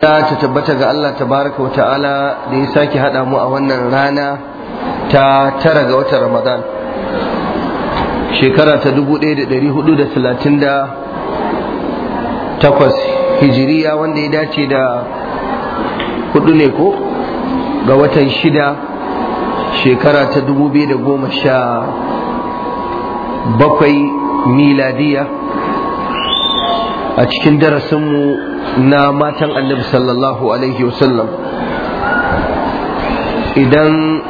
ta tabbata ga Allah tabaraka wa ta'ala da ya sake haɗa mu a wannan rana ta tara ga watan Ramadan shekara ta 1438 hijiriya wanda ya dace da hudu ne ko ga watan shida shekara ta 2017 miladiya a cikin darasinmu na matan annabi sallallahu alaihi wasallam idan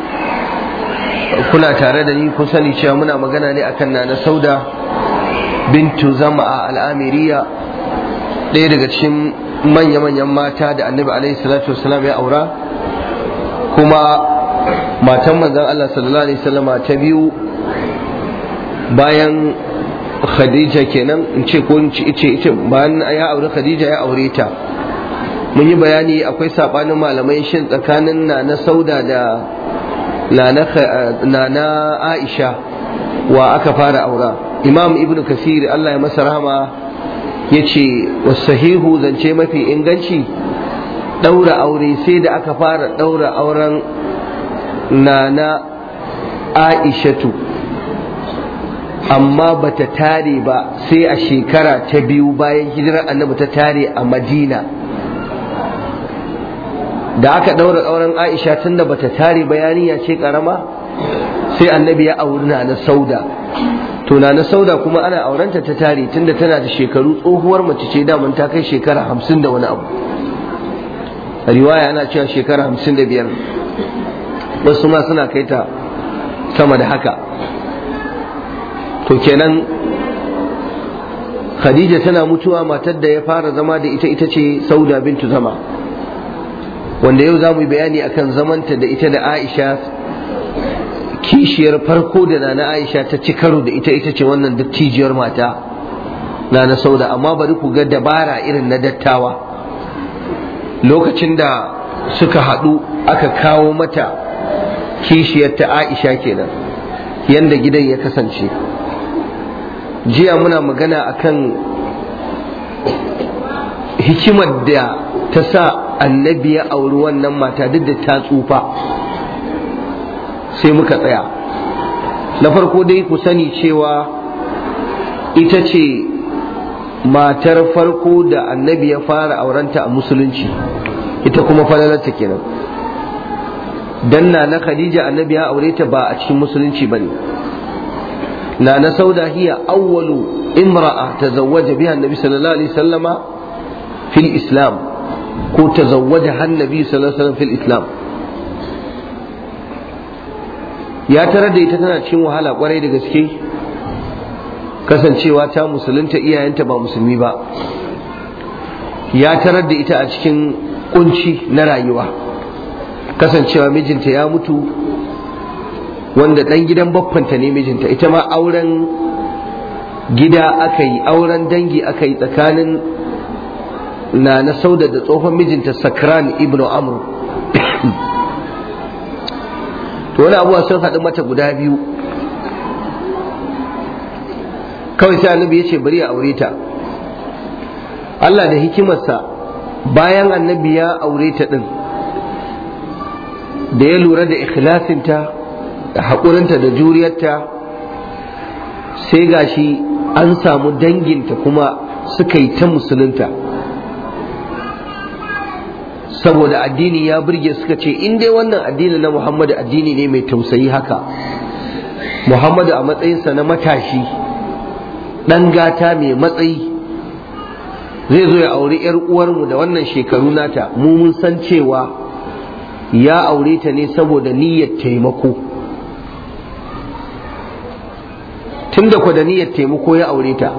kuna tare da ni kun sani cewa muna magana ne akan nana sauda bintu zama'a al'amiriya ɗaya daga cikin manya-manyan mata da annabi alaihi salatu wasallam ya aura kuma matan manzan Allah sallallahu alaihi wasallama ta biyu bayan khadija kenan in ce ko in ce ice bayan ya aure khadija ya aure ta mun yi bayani akwai sabanin malamai shin tsakanin nana sauda da nana aisha wa aka fara aura imam ibn kasir allah ya masa rahama yace ce sahihu zance mafi inganci ɗaura aure sai da aka fara ɗaura auren nana aishatu amma bata tare ba sai a shekara ta biyu bayan hijirar annabi ta tare a madina da aka ɗaura auren aisha tun da bata tare bayaniya ce karama sai annabi ya auri na na sauda to na sauda kuma ana aurenta ta tare tunda tana da shekaru tsohuwar mace ce daman ta kai shekara hamsin da wani abu riwaya ana cewa shekara hamsin da biyar wasu ma suna kai ta sama da haka to kenan khadija tana mutuwa matar da ya fara zama da ita ita ce sauda bintu zama wanda yau za mu yi bayani akan zamanta da ita da aisha kishiyar farko da nana aisha ta ci karo da ita ita ce wannan dattijiyar mata nana sauda amma bari ku ga dabara irin na dattawa lokacin da suka haɗu aka kawo mata kishiyar ta aisha kenan yanda gidan ya kasance jiya muna magana akan hikimar da ta sa annabi ya auri wannan mata duk da ta tsufa sai muka tsaya na farko dai ku sani cewa ita ce matar farko da annabi ya fara aurenta a musulunci ita kuma falalarta kenan danna na khadija annabi ya aure ta ba a cikin musulunci ba ne. نانا سودا هي أول امرأة تزوج بها النبي صلى الله عليه وسلم في الإسلام كو تزوجها النبي صلى الله عليه وسلم ya tarar da ita tana cikin wahala kwarai da gaske kasancewa ta musulunta iyayenta ba musulmi ba ya tarar da ita a cikin kunci na rayuwa kasancewa mijinta ya mutu wanda dan gidan baffanta ne mijinta ita ma auren gida aka yi auren dangi aka yi tsakanin na na sauda da tsohon mijinta sakran ibnu amr to wani abuwa sun haɗu mata guda biyu kawai sai annabi ya ce bari a aure ta Allah da hikimarsa bayan annabi ya aure ta ɗin da ya lura da ikhlasinta haƙurinta da juriyarta sai gashi an samu danginta kuma suka yi ta musulunta saboda addini ya birge suka ce in dai wannan addini na muhammadu addini ne mai tausayi haka muhammadu a matsayinsa na matashi ɗan gata mai matsayi zai zo ya auri 'yar uwarmu da wannan shekaru nata mu mun san cewa ya aure ta ne saboda niyyar taimako tun da niyyar taimako ya aure ta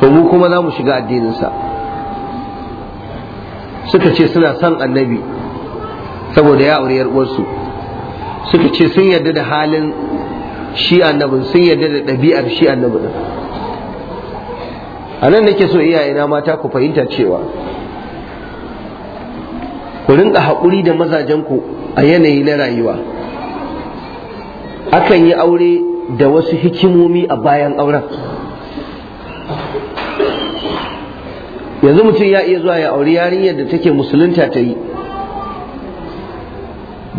to mu kuma za mu shiga addininsa suka ce suna son annabi saboda ya aure uwarsu suka ce sun yarda da halin shi annabin sun yarda da ɗabi'ar shi annabin a nan nake so iyayena mata ku fahimta cewa ku rinka haƙuri da mazajenku a yanayi na rayuwa akan yi aure da wasu hikimomi a bayan auren yanzu mutum ya iya zuwa ya auri yarinyar da take musulunta ta yi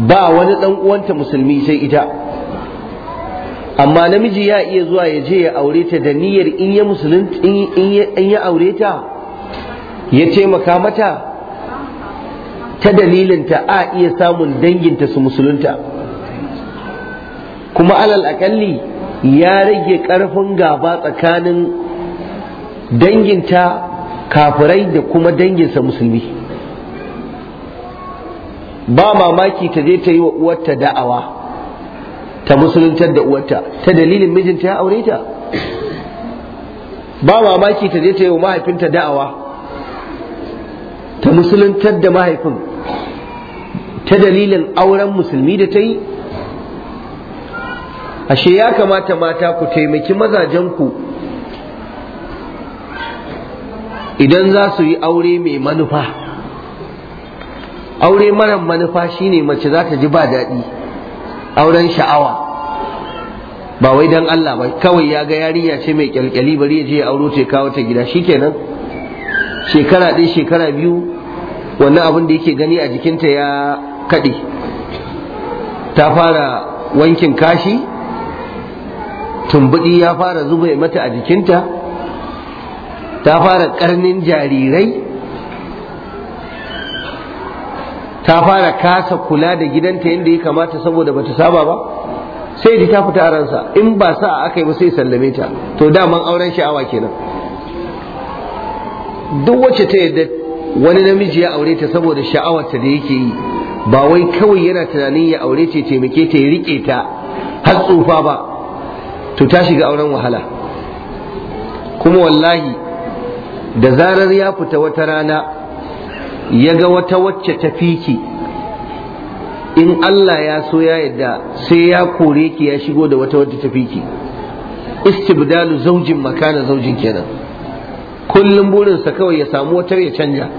ba wani ɗan uwanta musulmi sai ita amma namiji ya iya zuwa ya je ya aure ta da niyyar in ya aure ta ya taimaka mata ta dalilinta a iya samun danginta su musulunta kuma alal akalli ya rage karfin gaba tsakanin danginta kafirai da kuma danginsa musulmi ba mamaki ta je ta yi wa uwarta da'awa ta musuluntar da uwarta ta dalilin mijinta ya aure ta ba mamaki ta je ta yi wa mahaifinta da'awa ta musuluntar da mahaifin ta dalilin auren musulmi da ta yi ashe ya kamata mata ku taimaki mazajenku idan za su yi aure mai manufa aure mara manufa shine mace za ta ji ba daɗi auren sha'awa ba wai don Allah ba kawai ya ga yarinya ce mai kyalkyali bari ya je ya auro ta kawo ta gida shikenan shekara ɗin shekara biyu wannan abin da yake gani a jikinta ya kaɗe ta fara wankin kashi tumbuɗi ya fara zubai mata a jikinta ta fara ƙarnin jarirai ta fara kasa kula da gidanta yadda ya kamata saboda bata saba ba sai ji ta fita a ransa in ba sa aka yi ba sai sallame ta to daman auren sha'awa kenan duk wacce ta yadda wani namiji ya aure ta saboda sha'awarta da yake yi ba wai kawai yana tunanin ya aure ce taimake ta ya rike ta har tsufa ba to ta shiga auren wahala kuma wallahi da zarar ya fita wata rana ya ga wata wacce ta fiki in Allah ya so ya yadda sai ya kore ki ya shigo da wata wacce ta fiki istibdalu zaujin makana zaujin kenan kullum burinsa kawai ya samu watar ya canja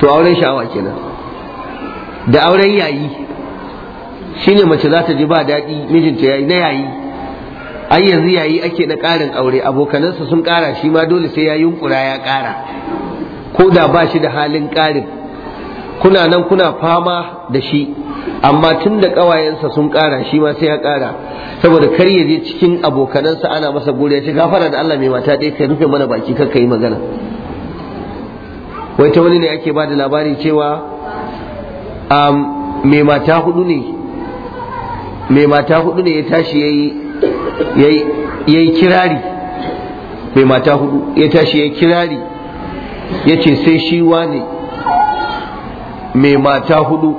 to auren sha'awa kenan da auren yayi shine mace za ta ji ba daɗi mijinta yayi na yayi ai yanzu yayi ake na ƙarin aure abokanansa sun ƙara shi ma dole sai ya yunkura ya ƙara ko da ba shi da halin ƙarin kuna nan kuna fama da shi amma tun da ƙawayensa sun ƙara shi ma sai ya ƙara saboda kar ya je cikin abokanansa ana masa gori ya ce gafara da Allah mai mata ɗaya ka rufe mana baki ka yi magana wai ta wani ne ake ba da labari cewa mai mata hudu ne mai mata hudu ne ya tashi ya yi kirari mai mata hudu ya tashi ya yi kirari ya ce sai shi wane mai mata hudu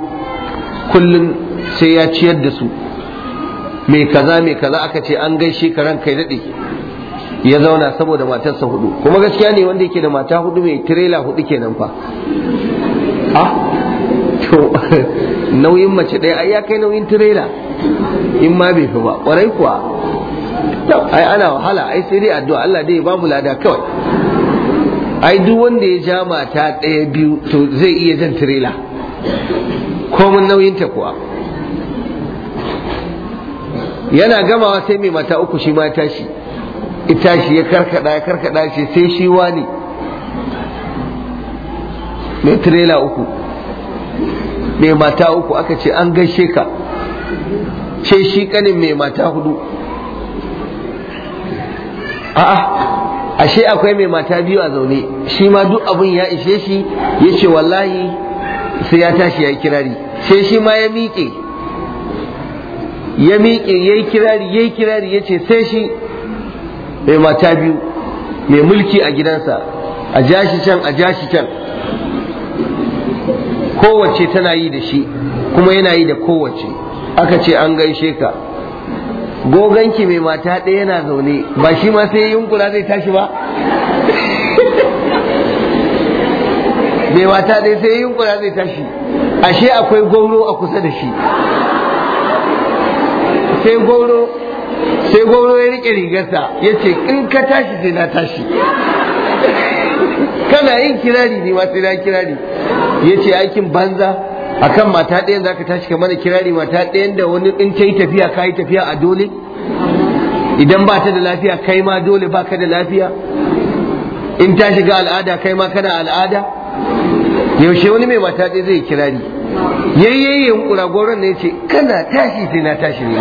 kullum sai ya ciyar da su mai kaza mai kaza aka ce an gaishe karan kai daɗe ya zauna saboda matarsa hudu kuma gaskiya ne wanda yake da mata hudu mai tirela hudu kenan fa ah to nauyin mace ɗaya ai ya kai nauyin tirela in ma bai fi ba kwarai kuwa ai ana wahala ai sai dai addu'a Allah dai ba mu lada kawai ai duk wanda ya ja mata ɗaya biyu to zai iya jan tirela mun nauyin ta kuwa yana gamawa sai mai mata uku shi ma tashi ita shi ya karkada ya karkada shi sai shi wani mai tirela uku mai mata uku aka ce an gaishe ka ce shi kanin mai mata hudu a'a ashe akwai mai mata biyu a zaune shi ma duk abin ya ishe shi ya ce wallahi sai ya tashi ya yi kirari sai shi ma ya miƙe ya miƙe ya yi kirari ya yi kirari ya ce sai shi mai mata biyu mai mulki a gidansa a jashi can a jashi can kowace tana yi da shi kuma yana yi da kowace aka ce an gaishe ka goganki mai mata ɗaya yana zaune ba shi ma sai kula zai tashi ba mai mata ɗaya sai kula zai tashi ashe akwai goro a kusa da shi sai goro sai gauro ya rike rigarsa ya ce in ka tashi sai na tashi kana yin kirari ne ma sai na kirari ya ce aikin banza akan mata ɗayan za ka tashi kamar kirari mata ɗayan da wani in ta yi tafiya ka yi tafiya a dole idan ba ta da lafiya kai ma dole ba ka da lafiya in ta shiga al'ada kai ma kana al'ada yaushe wani mai mata ɗaya zai kirari yayyayi yankura goron ne ce kana tashi sai na tashi ne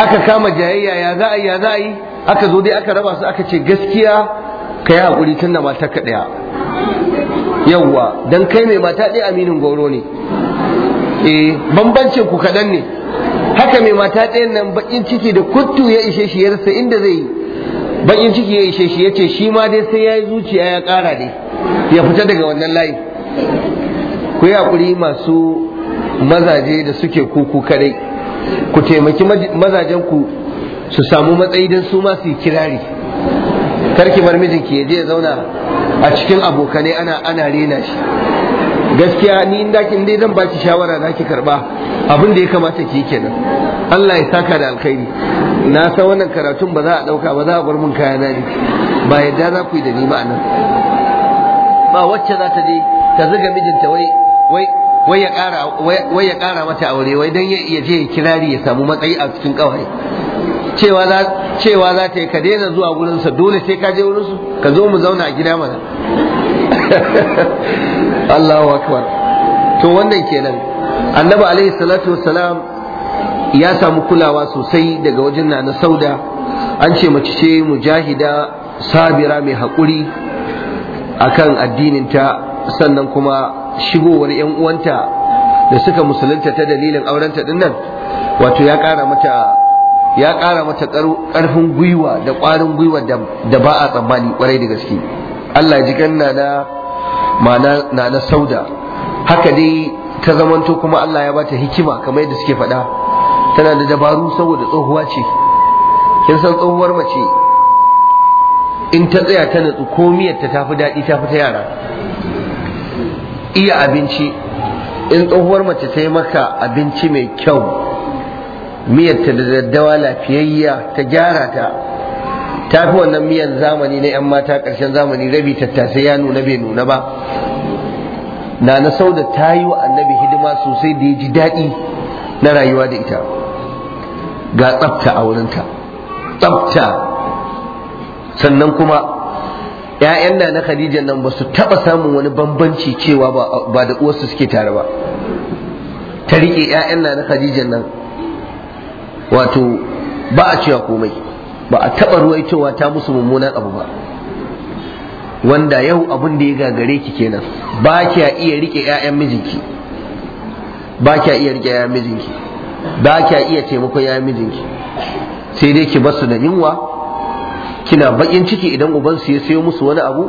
aka kama jayayya ya za a yi ya za a yi aka zo dai aka raba su aka ce gaskiya ka yi haƙuri tun da matar ka ɗaya yawwa dan kai mai mata ɗaya aminin goro ne eh bambancin ku kaɗan ne haka mai mata ɗayan nan bakin ciki da kuttu ya ishe shi yarsa inda zai yi bakin ciki ya ishe shi ya ce shi ma dai sai ya yi zuciya ya ƙara ne ya fita daga wannan layi ku yi haƙuri masu mazaje da suke kuku kadai ku taimaki mazajen ku su samu matsayi don su ma su kirari karki bar mijinki ya je ya zauna a cikin abokanai ana ana rena shi gaskiya ni in dakin dai zan baki shawara zaki ki karba abin da ya kamata ki kenan Allah ya saka da alkhairi na san wannan karatun ba za a dauka ba za a bar mun kayana ne ba yadda za ku yi da ni ba nan ba wacce za ta je ta zuga mijinta wai wai wai ya kara wai ya kara mata aure wai dan ya je kirari ya samu matsayi a cikin kawai cewa za ta yi ka daina zuwa gurin sa dole sai ka je wurin su ka zo mu zauna a gida mana Allahu akbar to wannan kenan annabi alaihi salatu wassalam ya samu kulawa sosai daga wajen na sauda an ce mace ce mujahida sabira mai haƙuri akan addininta sannan kuma shigowar yan uwanta da suka musulunta ta dalilin aurenta dinnan wato ya ƙara mata ya ƙara mata ƙarfin gwiwa da ƙwarin gwiwa da ba a tsammani ƙwarai da gaske Allah ji ganna na mana na na sauda haka dai ta zamanto kuma Allah ya bata hikima kamar yadda suke faɗa tana da dabaru saboda tsohuwa ce kin san tsohuwar mace in ta tsaya ta natsu ko miyarta ta fi daɗi ta fi ta yara iya abinci in tsohuwar mace ta yi maka abinci mai kyau miyar da daddawa lafiyayya ta gyara ta ta fi wannan miyan zamani na 'yan mata ƙarshen zamani rabi tattasai ya nuna bai nuna ba na na sau da ta yi wa annabi hidima sosai da ya ji daɗi na rayuwa da ita ga tsafta a wurinta tsafta sannan kuma ‘ya'yan na na khadija nan ba su taɓa samun wani bambanci cewa ba da uwarsu suke tare ba ta riƙe ‘ya'yan na na khadija nan wato ba a cewa komai ba a taɓa ruwaitowa ta musu mummunan abu ba wanda yau abin da ya gagare ki kenan ba kya iya rike 'ya'yan mijinki ba kya iya rike 'ya'yan mijinki ba kya iya taimakon 'ya'yan mijinki sai dai ki basu da yunwa kina bakin ciki idan ubansu ya sayo musu wani abu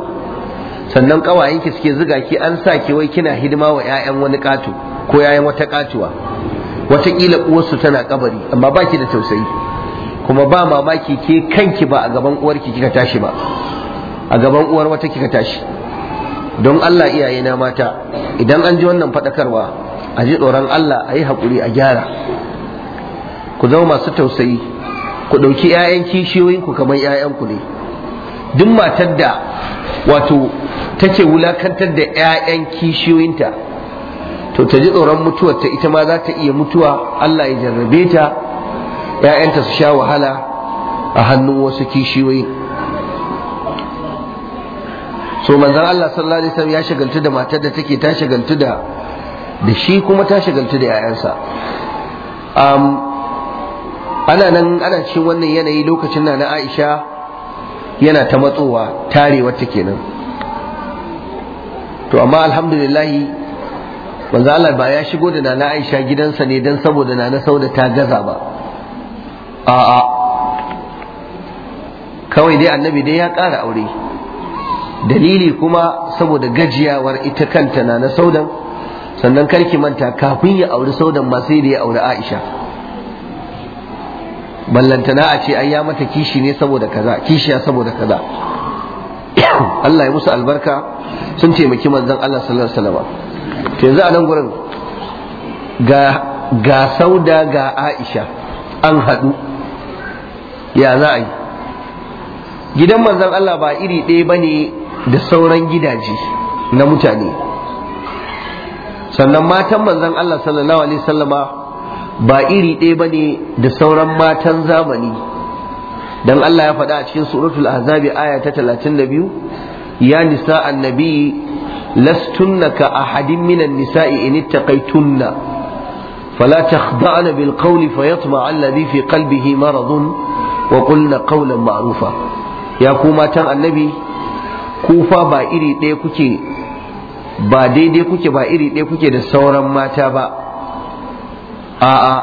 sannan kawayenki suke zuga ki an sa ki wai kina hidima wa 'ya'yan wani kato ko 'ya'yan wata katuwa watakila uwarsu tana kabari amma baki da tausayi kuma ba mamaki ke kanki ba a gaban uwarki kika tashi ba a gaban uwar wata kika tashi don Allah iyaye na mata idan an ji wannan faɗakarwa a ji tsoron Allah a yi haƙuri a gyara ku zama masu tausayi ku ɗauki 'ya'yan kishiyoyinku kamar 'ya'yanku ne duk matar da wato take wulakantar da 'ya'yan kishiyoyinta to ta ji tsoron mutuwar ta ita ma za ta iya mutuwa Allah ya jarrabe ta ‘ya'yanta su sha wahala a hannun wasu kishiyoyi so manzan Allah sallallahu alaihi wasallam ya shagaltu da matar da take ta shagaltu da da shi kuma ta shagaltu da ‘ya'yansa um, ana nan ana cikin wannan yanayi lokacin na na Aisha yana ta matsowa tarewa ta kenan to amma alhamdulillahi manzo Allah ba ya shigo da nana Aisha gidansa ne dan saboda nana Sauda ta gaza ba a'a kawai dai annabi dai ya ƙara aure dalili kuma saboda gajiyawar ita kanta nana Saudan sannan karki manta kafin ya auri Saudan ma sai da ya auri Aisha ballantana a ce an ya mata kishi ne saboda kaza kishiya saboda kaza Allah ya musu albarka sun taimaki manzon Allah sallallahu alaihi wasallam yanzu a nan gurin ga sauda ga aisha an haɗu ya za a yi gidan manzan Allah ba iri ɗaya ba ne da sauran gidaje na mutane sannan matan manzan Allah sallallahu alaihi sallama ba iri ɗaya ba ne da sauran matan zamani don Allah ya faɗa a cikin suratul azabi aya ta 32 ya nisa annabi lastunna ka ahadin minan nisa'i in ittaqaytunna fala takhda'na bil qawli fayatma alladhi fi qalbihi maradun wa qulna qawlan maarufa. ya ku matan annabi kufa ba iri ɗaya kuke ba daidai kuke ba iri ɗaya kuke da sauran mata ba a'a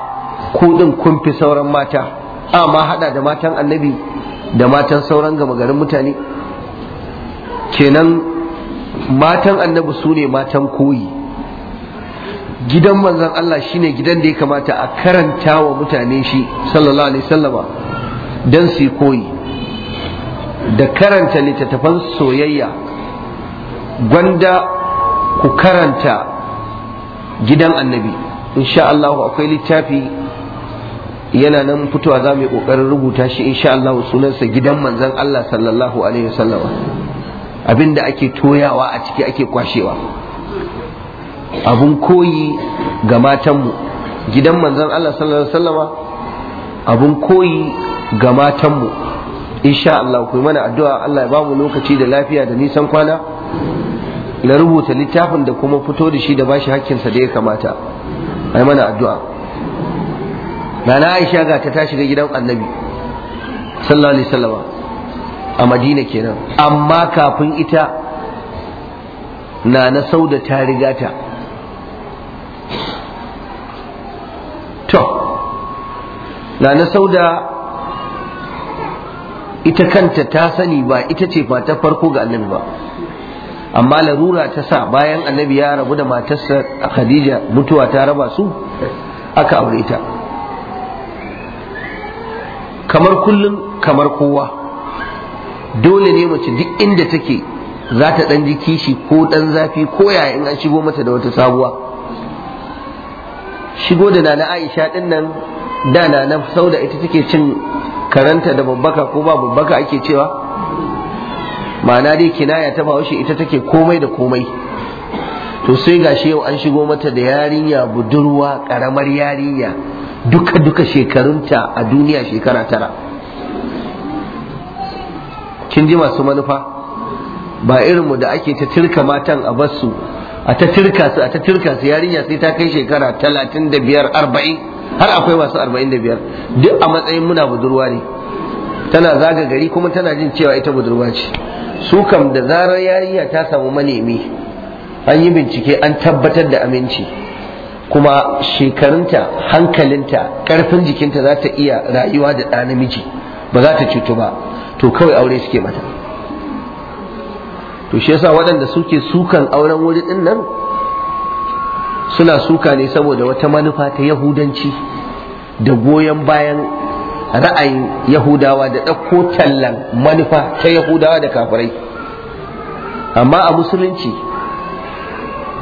kuɗin din kun fi sauran mata amma hada da matan annabi da matan sauran garin mutane kenan matan annabi su ne matan koyi gidan manzan Allah shi ne gidan da ya kamata a karanta wa mutane shi sallallahu alaihi sallama don su koyi da karanta littattafan soyayya gwanda ku karanta gidan annabi insha Allah akwai littafi yana nan fitowa za mu yi ƙoƙarin rubuta shi insha Allah sunansa gidan manzon Allah sallallahu alaihi wasallama abinda ake toyawa a ciki ake kwashewa abun koyi ga matanmu gidan manzan Allah sallallahu alaihi wasallama abun koyi ga matanmu insha Allah ku mana addu'a Allah ya ba mu lokaci da lafiya da nisan kwana na rubuta littafin da kuma fito da shi da bashi hakkinsa da ya kamata ai mana addu'a Nana Aisha ga ta tashi ga gidan Annabi sallallahu alaihi wasallama a madina kenan amma kafin ita na na sauda ta riga to na na sauda ita kanta ta sani ba ita ce ba ta farko ga annabi ba amma larura ta sa bayan annabi ya rabu da matarsa khadija mutuwa ta raba su aka aure ta kamar kullum kamar kowa dole ne mace duk inda take za ta ɗan ji kishi ko ɗan zafi ko yaya in an shigo mata da wata sabuwa shigo da nana aisha ɗin nan da nana da ita take cin karanta da babbaka ko ba babbaka ake cewa ma'ana dai kinaya ta bahaushe ita take komai da komai to sai ga shi yau an shigo mata da yarinya budurwa ƙaramar yarinya duka duka shekarunta a duniya shekara tara kin ji masu manufa ba irinmu da ake ta tirka matan a basu a ta tirka su a ta tirka su yarinya sai ta kai shekara talatin da biyar arba'in har akwai masu arba'in da biyar duk a matsayin muna budurwa ne tana zaga gari kuma tana jin cewa ita budurwa ce su kam da zarar yarinya ta samu manemi an yi bincike an tabbatar da aminci kuma shekarunta hankalinta karfin jikinta za ta iya rayuwa da ɗa namiji ba za ta cutu ba to kawai aure suke mata to shi yasa waɗanda suke sukan auren wuri ɗin nan suna suka ne saboda wata manufa ta yahudanci da goyon bayan ra'ayin yahudawa da ɗauko tallan manufa ta yahudawa da kafirai amma a musulunci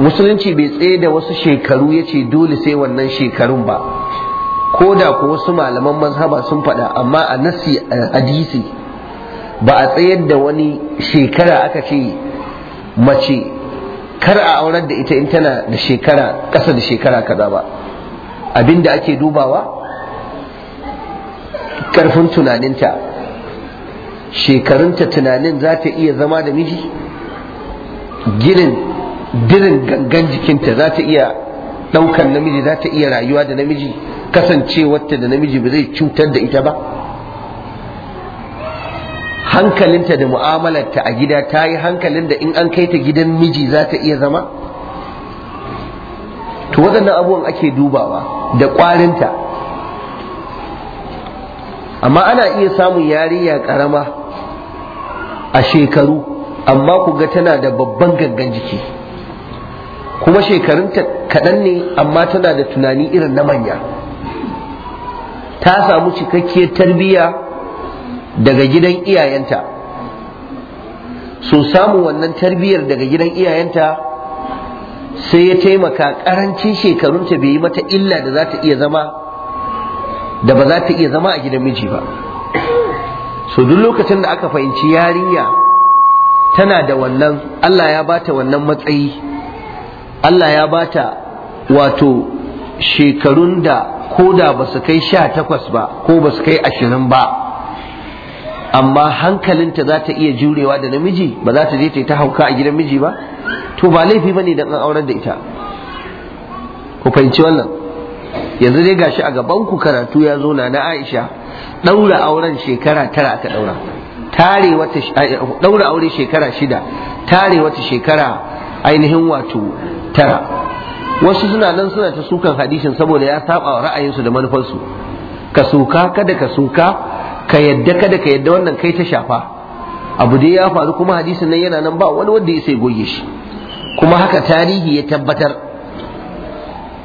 musulunci bai tsaye da wasu shekaru ya ce dole sai wannan shekarun ba ko da ko wasu malaman mazhaba sun faɗa amma a nasi hadisi ba a tsayar da wani shekara aka ce mace kar a aurar da ita in tana da shekara ƙasa da shekara kaza ba abinda ake dubawa ƙarfin tunaninta shekarunta tunanin za ta iya zama da miji girin dirin gangan jikinta za ta iya ɗaukan namiji za ta iya rayuwa da namiji kasancewarta da namiji ba zai cutar da ita ba hankalinta da mu'amalarta a gida ta yi hankalin da in an kai ta gidan miji za ta iya zama to waɗannan abubuwan ake dubawa da ƙwarinta amma ana iya samun yarinya ƙarama a shekaru amma ku ga tana da babban gangan jiki kuma shekarunta kaɗan ne amma tana da tunani irin na manya ta samu cikakkiyar tarbiyya daga gidan iyayenta so samu wannan tarbiyyar daga gidan iyayenta sai ya taimaka karancin shekarunta bai yi mata illa da za ta iya zama da ba za ta iya zama a gidan miji ba so duk lokacin da aka fahimci yarinya tana da wannan Allah ya bata wannan matsayi Allah ya bata wato shekarun da ko da ba su kai sha takwas ba ko ba su kai ashirin ba amma hankalinta za ta iya jurewa da namiji ba za ta je ta yi ta hauka a gidan miji ba to ba laifi ba ne da an aurar da ita ku fahimci wannan yanzu dai gashi a gabanku karatu ya zo na na Aisha ɗaura auren shekara tara aka ɗaura. tare wata aure shekara shida tare wata shekara ainihin wato tara wasu suna nan suna ta sukan hadishin saboda ya saba wa ra'ayinsu da manufarsu ka suka kada ka suka ka yadda kada ka yadda wannan kai ta shafa abu dai ya faru kuma hadisin nan yana nan ba wani wanda ya sai goge shi kuma haka tarihi ya tabbatar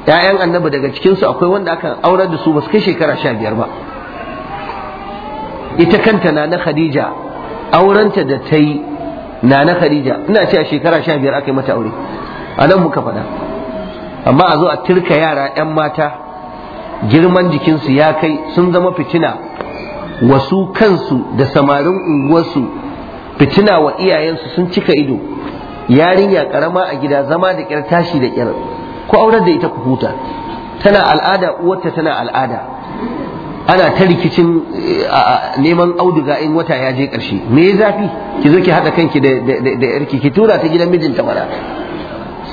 ‘ya'yan annabi daga cikinsu akwai wanda aka aurar da su ba su kai shekara sha biyar ba ita kanta na na khadija aurenta da ta yi na na khadija ina ce a shekara sha biyar aka yi mata aure a nan muka faɗa amma a zo a turka yara ‘yan mata girman jikinsu ya kai sun zama fitina wasu kansu da samarin unguwarsu fitina wa iyayensu sun cika ido yarinya karama a gida zama da kyar tashi da kyar ko aurar da ita ku huta tana al'ada uwarta tana al'ada ana ta rikicin eh, neman auduga in wata ya je ƙarshe, me ya zafi ki zo ki haɗa kanki da yarki ki tura ta gidan mijinta mara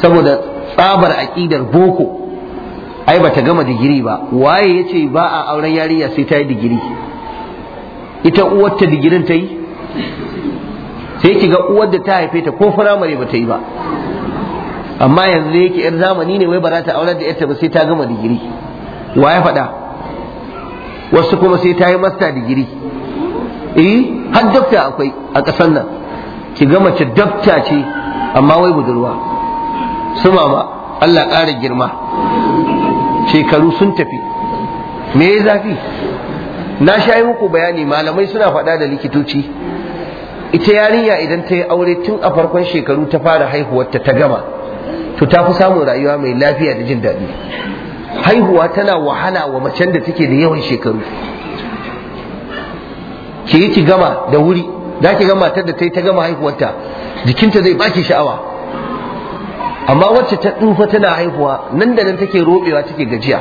saboda tsabar aƙidar boko ai bata gama digiri ba waye yace ba a auren yarinya sai ta yi digiri ita uwarta ta digirin ta yi sai ki ga uwar da ta haife ta ko firamare ba ta yi ba amma yanzu yake yar zamani ne wai ba za da yarta ba sai ta gama digiri wa ya faɗa wasu kuma sai ta yi masta digiri eh har dafta akwai a ƙasar nan ki gama mace dafta ce amma wai budurwa su mama Allah ƙara girma shekaru sun tafi me ya zafi na sha yi muku bayani malamai suna faɗa da likitoci ita yarinya idan ta yi aure tun a farkon shekaru ta fara haihuwarta ta gama to ta fi samun rayuwa mai lafiya da jin daɗi haihuwa tana wahala wa macen da take da yawan shekaru ki yi ki gama da wuri za ki ga matar da ta yi ta gama haihuwarta jikinta zai baki sha'awa amma wacce ta tsufa tana haihuwa nan da nan take roɓewa take gajiya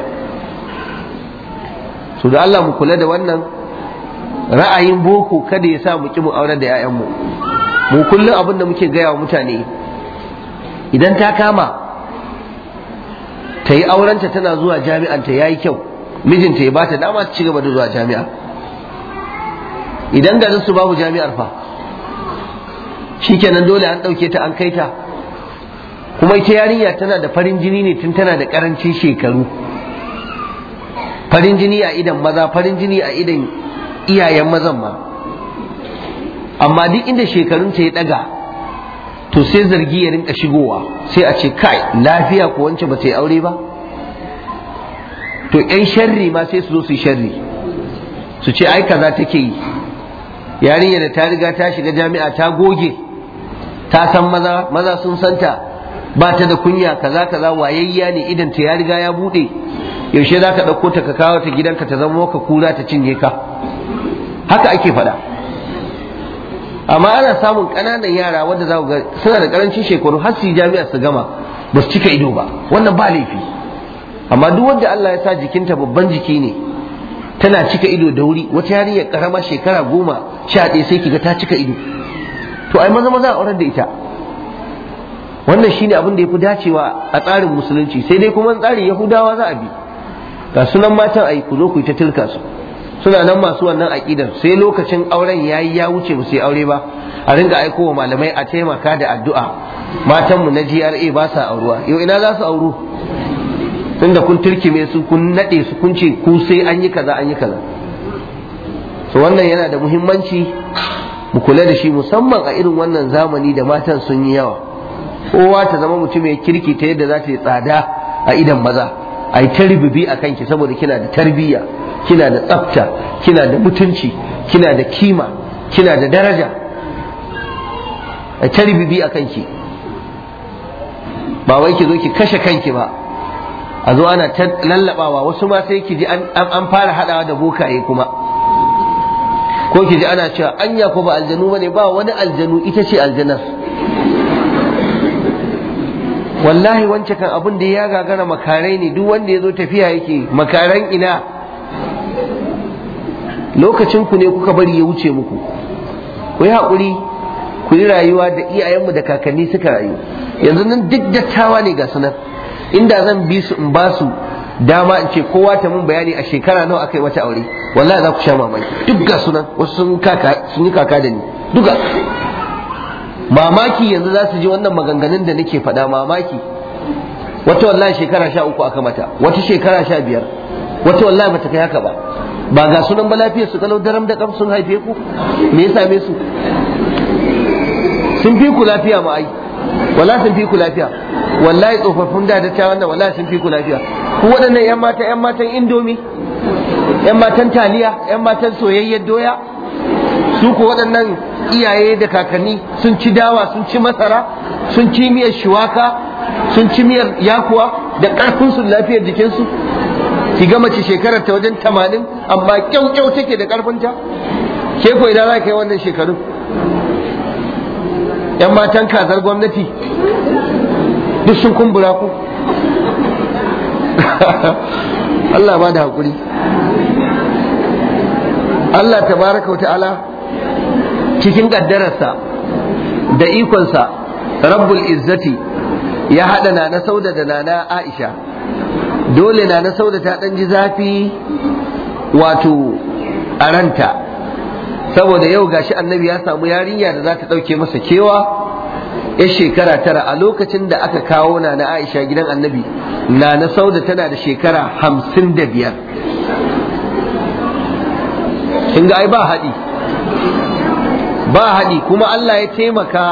su da Allah mu kula da wannan ra'ayin boko kada ya sa mu ki mu aure da 'ya'yanmu mu kullum abin da muke gaya wa mutane idan ta kama ta yi aurenta tana zuwa jami'anta ya yi kyau mijinta ya bata dama ta ci gaba da zuwa jami'a idan garin su babu jami'ar fa shikenan dole an ɗauke ta an kai ta kuma ita yarinya tana da farin jini ne tun tana da ƙarancin shekaru farin jini a idan maza farin jini a idan iyayen mazan ma amma duk inda shekarun ta ya daga to sai zargi ya rinka shigowa sai a ce kai lafiya ko wance ba ta yi aure ba to yan sharri ma sai su zo su yi sharri su ce ai kaza take yi yarinya da ta riga ta shiga jami'a ta goge ta san maza maza sun santa ba ta da kunya kaza kaza wayayya ne idan ta ya riga ya bude yaushe za ka ɗauko ta ka kawo ta gidanka ta zama ka kura ta cinye ka haka ake faɗa amma ana samun ƙananan yara wanda za ga suna da ƙarancin shekaru har su jami'a su gama ba su cika ido ba wannan ba laifi amma duk wanda Allah ya sa jikinta babban jiki ne tana cika ido da wuri wata yariya karama shekara goma sha ɗaya sai ki ga ta cika ido to ai maza maza a aurar da ita wannan shine abin da ya fi dacewa a tsarin musulunci sai dai kuma tsarin yahudawa za a bi ga sunan matan ai ku zo ku yi ta tilka su suna nan masu wannan aƙidar sai lokacin auren yayi ya wuce ba sai aure ba a ringa aiko wa malamai a taimaka da addu'a matanmu na GRA ba sa auruwa yau ina za su auru tunda kun turkime su kun nade su kun ce ku sai an yi kaza an yi kaza so wannan yana da muhimmanci mu kula da shi musamman a irin wannan zamani da matan sun yi yawa kowa ta zama mutum mai kirki ta yadda za ta yi tsada a idan maza a yi tarbibi a kanki saboda kina da tarbiyya kina da tsafta kina da mutunci kina da kima kina da daraja a tarbibi a kanki ba wai ki zo ki kashe kanki ba a zo ana lallabawa wasu ma sai ki ji an fara hadawa da bokaye kuma ko ki ji ana cewa anya ko ba aljanu ne? ba wani aljanu ita ce aljanar wallahi wancan kan abin da ya gagara makarai ne duk wanda ya zo tafiya yake makaran ina lokacin ku ne kuka bari ya wuce muku ku yi haƙuri ku yi rayuwa da iyayenmu da kakanni suka rayu yanzu nan duk dattawa ne ga sunan inda zan bi su in ba su dama in ce kowa ta mun bayani a shekara nawa aka yi wata aure wallahi za ku sha mamaki duk ga sunan wasu sun yi kaka da ni duka mamaki yanzu za su ji wannan maganganun da nake faɗa mamaki wata wallahi shekara sha uku aka mata wata shekara sha biyar wata wallahi bata kai haka ba ba ga sunan ba lafiyar su kalau daram da kam sun haife ku me ya same su sun fi ku lafiya ma ai wallahi sun fi ku lafiya wallahi tsofaffin da ta wannan wallahi sun fi ku lafiya ku waɗannan yan mata yan matan indomi yan matan taliya yan matan soyayyen doya su ko waɗannan iyaye da kakanni sun ci dawa sun ci masara sun ci miyar shiwaka sun ci miyar yakuwa da ƙarfinsu lafiyar jikinsu ki gama ci shekarar ta wajen tamanin amma kyau-kyau take da ƙarfinta ke ko idan za ka yi wannan shekarun yan matan kazar gwamnati duk sun kumbura ku Allah ba da haƙuri Allah tabaraka wa ta'ala cikin kaddararsa da ikonsa rabbul izzati ya haɗa nana sauda da nana aisha dole nana sauda ta ɗan ji zafi wato aranta. saboda yau gashi annabi ya samu yarinya da za ta ɗauke masa kewa ya shekara tara a lokacin da aka kawo nana aisha gidan annabi nana sauda tana da shekara hamsin da biyar kin ga ai ba haɗi ba haɗi kuma Allah ya taimaka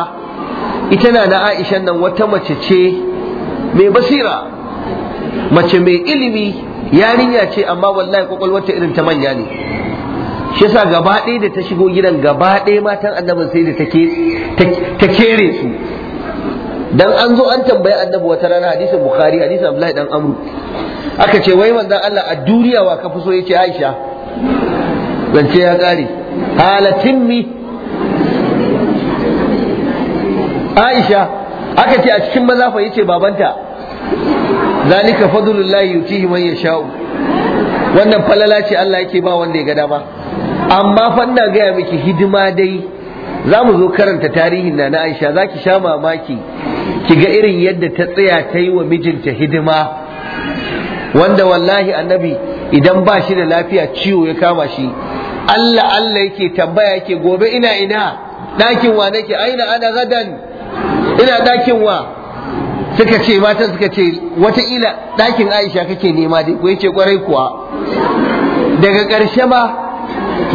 ita na na Aisha nan wata mace ce mai basira mace mai ilimi yarinya ce amma wallahi kwakwalwarta irin ta manya ne shi yasa gaba ɗaya da ta shigo gidan gaba ɗaya matan annabin sai da ta kere su dan an zo an tambayi annabi wata rana hadisin bukhari hadisin abdullahi dan amru aka ce wai manzon Allah a duniya wa ka fi so yace Aisha zance ya kare halatin mi aisha aka ce a cikin maza fa yace babanta zalika fadlullahi yutihi man yasha'u wannan falala ce Allah yake ba wanda ya ga dama amma fa ina gaya miki hidima dai zamu zo karanta tarihin na na Aisha za sha mamaki ki ga irin yadda ta tsaya ta yi wa mijinta hidima wanda wallahi annabi idan ba shi da lafiya ciwo ya kama shi Allah Allah yake tambaya yake gobe ina ina ɗakin wa nake aina ana gadan ina ɗakin wa suka ce matan suka ce wataƙila ɗakin aisha kake nema dai ko yace kwarai kuwa daga ƙarshe ma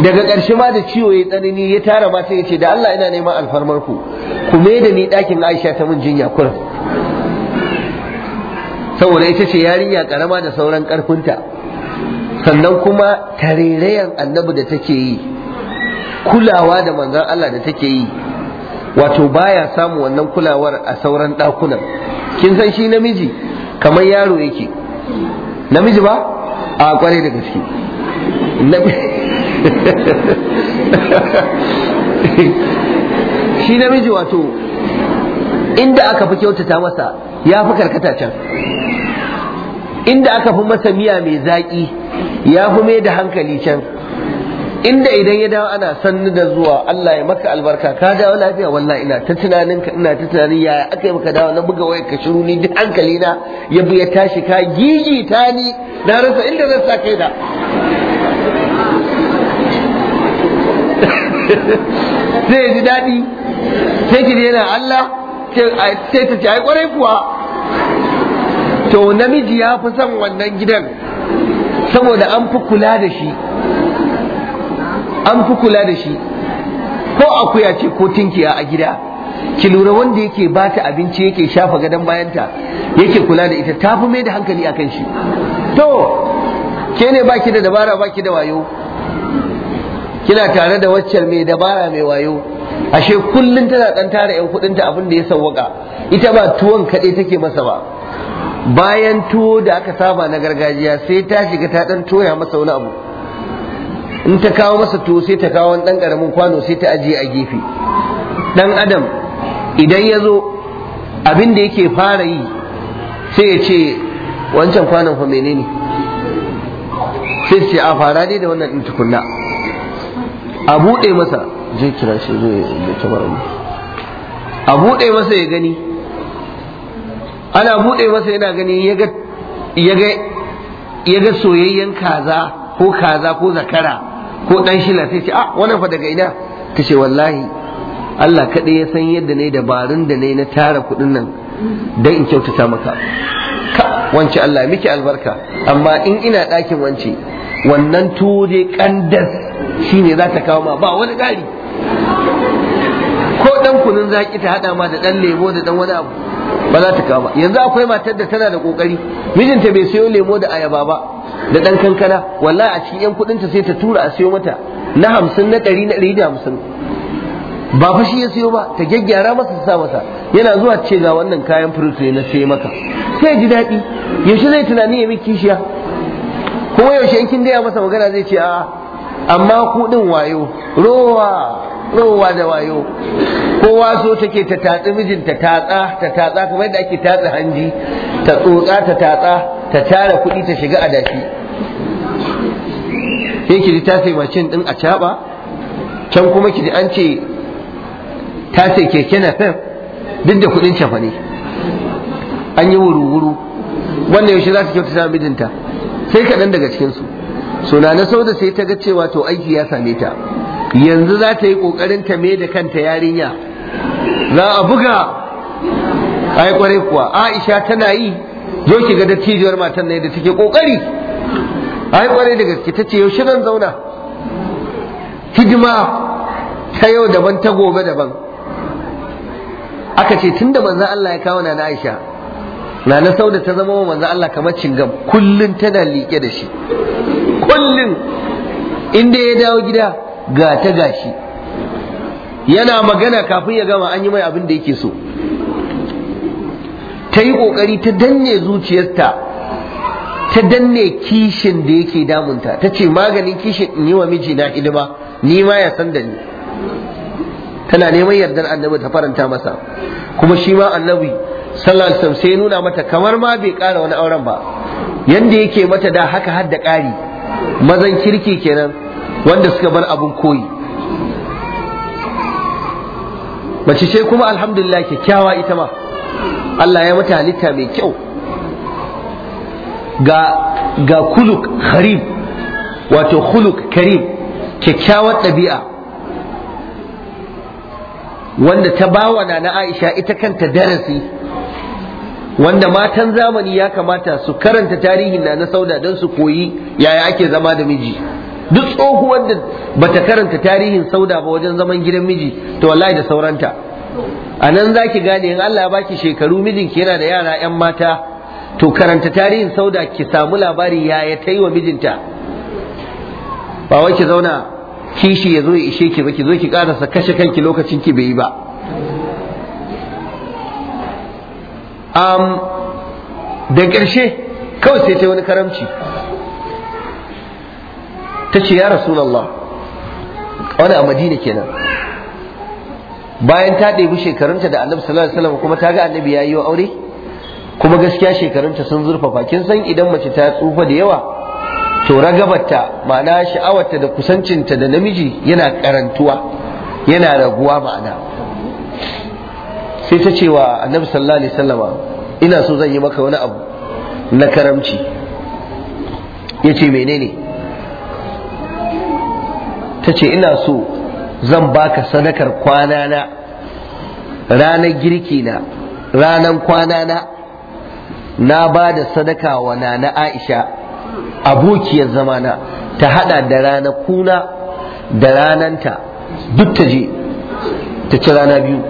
daga ƙarshe ma da ciwo ya tsanani ya tara mata ya ce da Allah ina neman alfarmar ku ku me da ni ɗakin aisha ta min jinya kurin saboda ita ce yarinya karama da sauran ƙarfinta sannan kuma tarerayan annabi da take yi kulawa da manzon Allah da take yi wato baya samu wannan kulawar a sauran ɗakunan kin san shi namiji kamar yaro yake namiji ba a kware da gaske shi namiji wato inda aka fi kyautata masa ya fi karkata can inda aka fi masa miya mai zaƙi ya fi mai da hankali can inda idan ya dawo ana sannu da zuwa Allah ya maka albarka ka dawo lafiya wallahi ina ta tunanin ka ina ta tunanin yaya aka yi maka dawo na buga wayar ka shiru ni duk hankali na ya ya tashi ka gigi ta ni na rasa inda zan sa kai da sai ji daɗi sai ki yana Allah sai ta ce ai kwarai kuwa to namiji ya fi son wannan gidan saboda an fi kula da shi an fi kula da shi ko akuya ce ko tinkiya a gida ki lura wanda yake bata abinci yake shafa gadon bayanta yake kula da ita ta fi mai da hankali a kan shi to ke ne baki da dabara baki da wayo kina tare da waccan mai dabara mai wayo ashe kullum tana ɗan tara yan kudinta abin da ya sawwaka ita ba tuwon kaɗai take masa ba bayan tuwo da aka saba na gargajiya sai ta shiga ta dan toya masa wani abu in ta kawo masa tuwo sai ta kawo ɗan ƙaramin kwano sai ta ajiye a gefe ɗan adam idan ya zo abin da yake fara yi sai ya ce wancan kwanon fa menene sai ce a fara dai da wannan tukunna a buɗe masa je kira shi zo ya tabar a buɗe masa ya gani ana buɗe masa yana gani ya ga soyayyen kaza ko kaza ko zakara ko dan shila sai ce ah wannan fa daga ina ta ce wallahi Allah kaɗai ya san yadda ne dabarun da ne na tara kuɗin nan don in kyautata maka ka wance Allah miki albarka amma in ina ɗakin wance wannan tuje kandas shine za ta kawo ma ba wani gari ko ɗan kunun zaki ta haɗa ma da ɗan lemo da ɗan wani abu ba za ta kawo ba yanzu akwai matar da tana da ƙoƙari mijinta bai sayo lemo da ayaba ba da ɗan kankana wallahi a cikin 'yan kuɗinta sai ta tura a siyo mata na hamsin na ɗari na ɗari da hamsin ba fa shi ya siyo ba ta gyaggyara masa sa masa yana zuwa ce ga wannan kayan furutu ne na siyo maka sai ji daɗi yaushe zai tunani ya miki kishiya kuma yaushe in kin daya masa magana zai ce a amma kuɗin wayo rowa rowa da wayo kowa so take ta tatsi mijinta tatsa ta tatsa kamar yadda ake tatsa hanji ta tsotsa ta tatsa ta tara kuɗi ta shiga adashi sai ki ji ta sai mashin din a caba can kuma ki ji an ce ta sai keke na fem duk da kudin cafa ne an yi wuru-wuru wannan yaushe za ta kyautata bidinta sai kaɗan daga cikinsu suna na sau da sai ta ga cewa to aiki ya same ta yanzu za ta yi ƙoƙarin ta me da kanta yarinya za a buga ai kwarai kuwa aisha tana yi zo ki ga dattijowar matan ne da take ƙoƙari ai kwarai da gaske ta ce yaushe zan zauna hidima ta yau daban ta gobe daban aka ce tunda manzo Allah ya kawo na Aisha na na sauda ta zama manzo Allah kamar cingam kullun tana liƙe da shi kullun inda ya dawo gida ga ta gashi yana magana kafin ya gama an yi mai abin da yake so ta yi ƙoƙari ta danne zuciyarta ta danne kishin da yake damunta ta ce maganin kishin in yi wa mijina hidima ni ma ya san da ni tana neman yardar annabi ta faranta masa kuma shi ma annabi sallallahu alaihi sai nuna mata kamar ma bai kara wani auren ba yanda yake mata da haka har da ƙari mazan kirki kenan wanda suka bar abun koyi mace sai kuma alhamdulillah kyakkyawa ita ma Allah ya mata halitta mai kyau ga ga kuluk kharib wato khuluk karib kyakkyawar ɗabi'a wanda ta bawana na Aisha ita kanta darasi wanda matan zamani ya kamata su karanta tarihin na sauda don su koyi yaya ake zama da miji duk tsohuwar da bata karanta tarihin sauda ba wajen zaman gidan miji to wallahi da sauranta a nan za ki gane in Allah ya baki shekaru mijinki yana da yara 'yan mata to karanta tarihin sauda ki samu labari ya ya ta yi wa mijinta ba wai ki zauna kishi ya zo ya ishe ki ba ki zo ki karasa kashe kanki lokacin ki bai yi ba da ƙarshe kawai sai ta wani karamci ta ce ya rasulallah wani a madina kenan bayan ta ɗebi shekarunta da annabi sallallahu alaihi wasallam kuma ta ga annabi ya yi wa aure kuma gaskiya shekarunta sun zurfafa kin san idan mace ta tsufa da yawa to ragabarta ma'ana sha'awarta da kusancinta da namiji yana karantuwa yana raguwa ma'ana sai ta ce wa annabi sallallahu alaihi wasallama ina so zan yi maka wani abu na karamci ya ce menene ta ce ina so zan baka sadakar kwanana ranar girki na ranar na. na ba da sadaka wa nana Aisha abokiyar zamana ta hada da rana kuna da rananta duk ta je ta ci rana biyu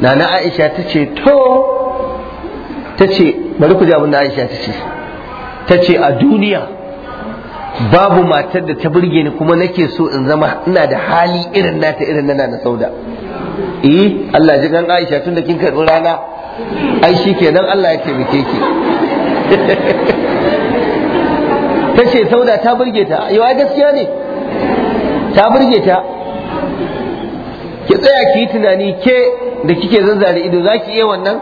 nana Aisha ta ce to ta ce bari ku abin Aisha ta ce ta ce a duniya babu matar da ta burge ni kuma nake so in zama ina da hali irin nata irin nana na sauda eh Allah ji gan Aisha tun da kin karɓi rana ai shi kenan Allah ya taimake ki ta ce sauda ta burge ta yau ai gaskiya ne ta burge ta ki tsaya ki yi tunani ke da kike zanzare ido za ki iya wannan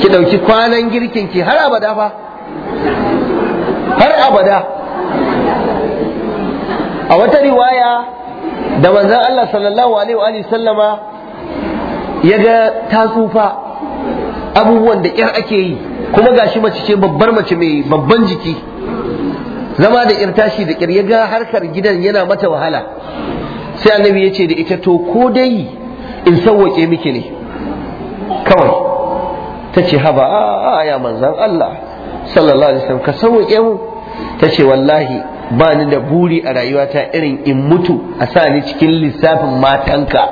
ki ɗauki kwanan girkin ki har abada fa har abada a wata riwaya da manzon Allah sallallahu alaihi wa sallama ya ga tasufa abubuwan da ƙyar ake yi kuma gashi mace ce babbar mace mai babban jiki zama da ƙyar tashi da ƙyar ya ga harkar gidan yana mata wahala sai annabi ya ce da ita to ko dai in sauwaƙe miki ne kawai ta ce haba a ya manzan Allah sallallahu alaihi wasallam ka sauwaƙe mu ta ce wallahi ba ni da buri a rayuwata irin in mutu a sa ni cikin lissafin matanka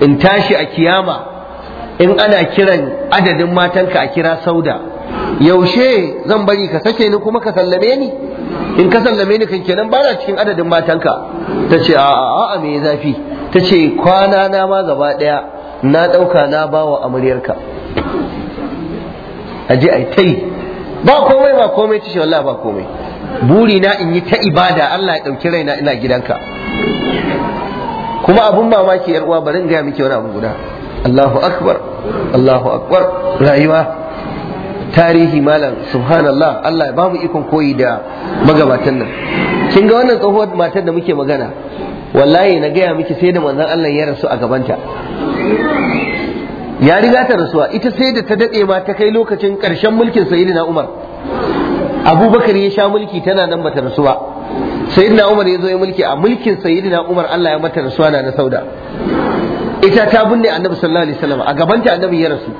in tashi a kiyama in ana kiran adadin matanka a kira sauda yaushe zan bari ka sake ni kuma ka sallame ni in ka sallame ni kan kenan na cikin adadin matanka ta ce a'a me zafi ta ce kwana na ma gaba daya na ɗauka na bawa amaryarka a ai tai ba komai ba komai ta ce wallahi ba komai Buri na in yi ta ibada Allah ya ɗauki raina ina gidanka kuma abun mamaki yar uwa bari in gaya miki wani abu guda Allahu akbar Allahu akbar rayuwa tarihi malam subhanallah Allah ya bamu ikon koyi da magabatan nan kin ga wannan tsohuwar matar da muke magana wallahi na gaya miki sai da manzon Allah ya rasu a gabanta ya riga ta rasuwa ita sai da ta dade ma ta kai lokacin karshen mulkin sayyidina Umar abubakar ya sha mulki tana nan bata rasuwa. sayyidina umar ya zo ya mulki a mulkin sayyidina umar Allah ya mata rasuwa na na sauda ita ta binne annabi sallallahu alaihi wasallam a gabanta annabi ya rasu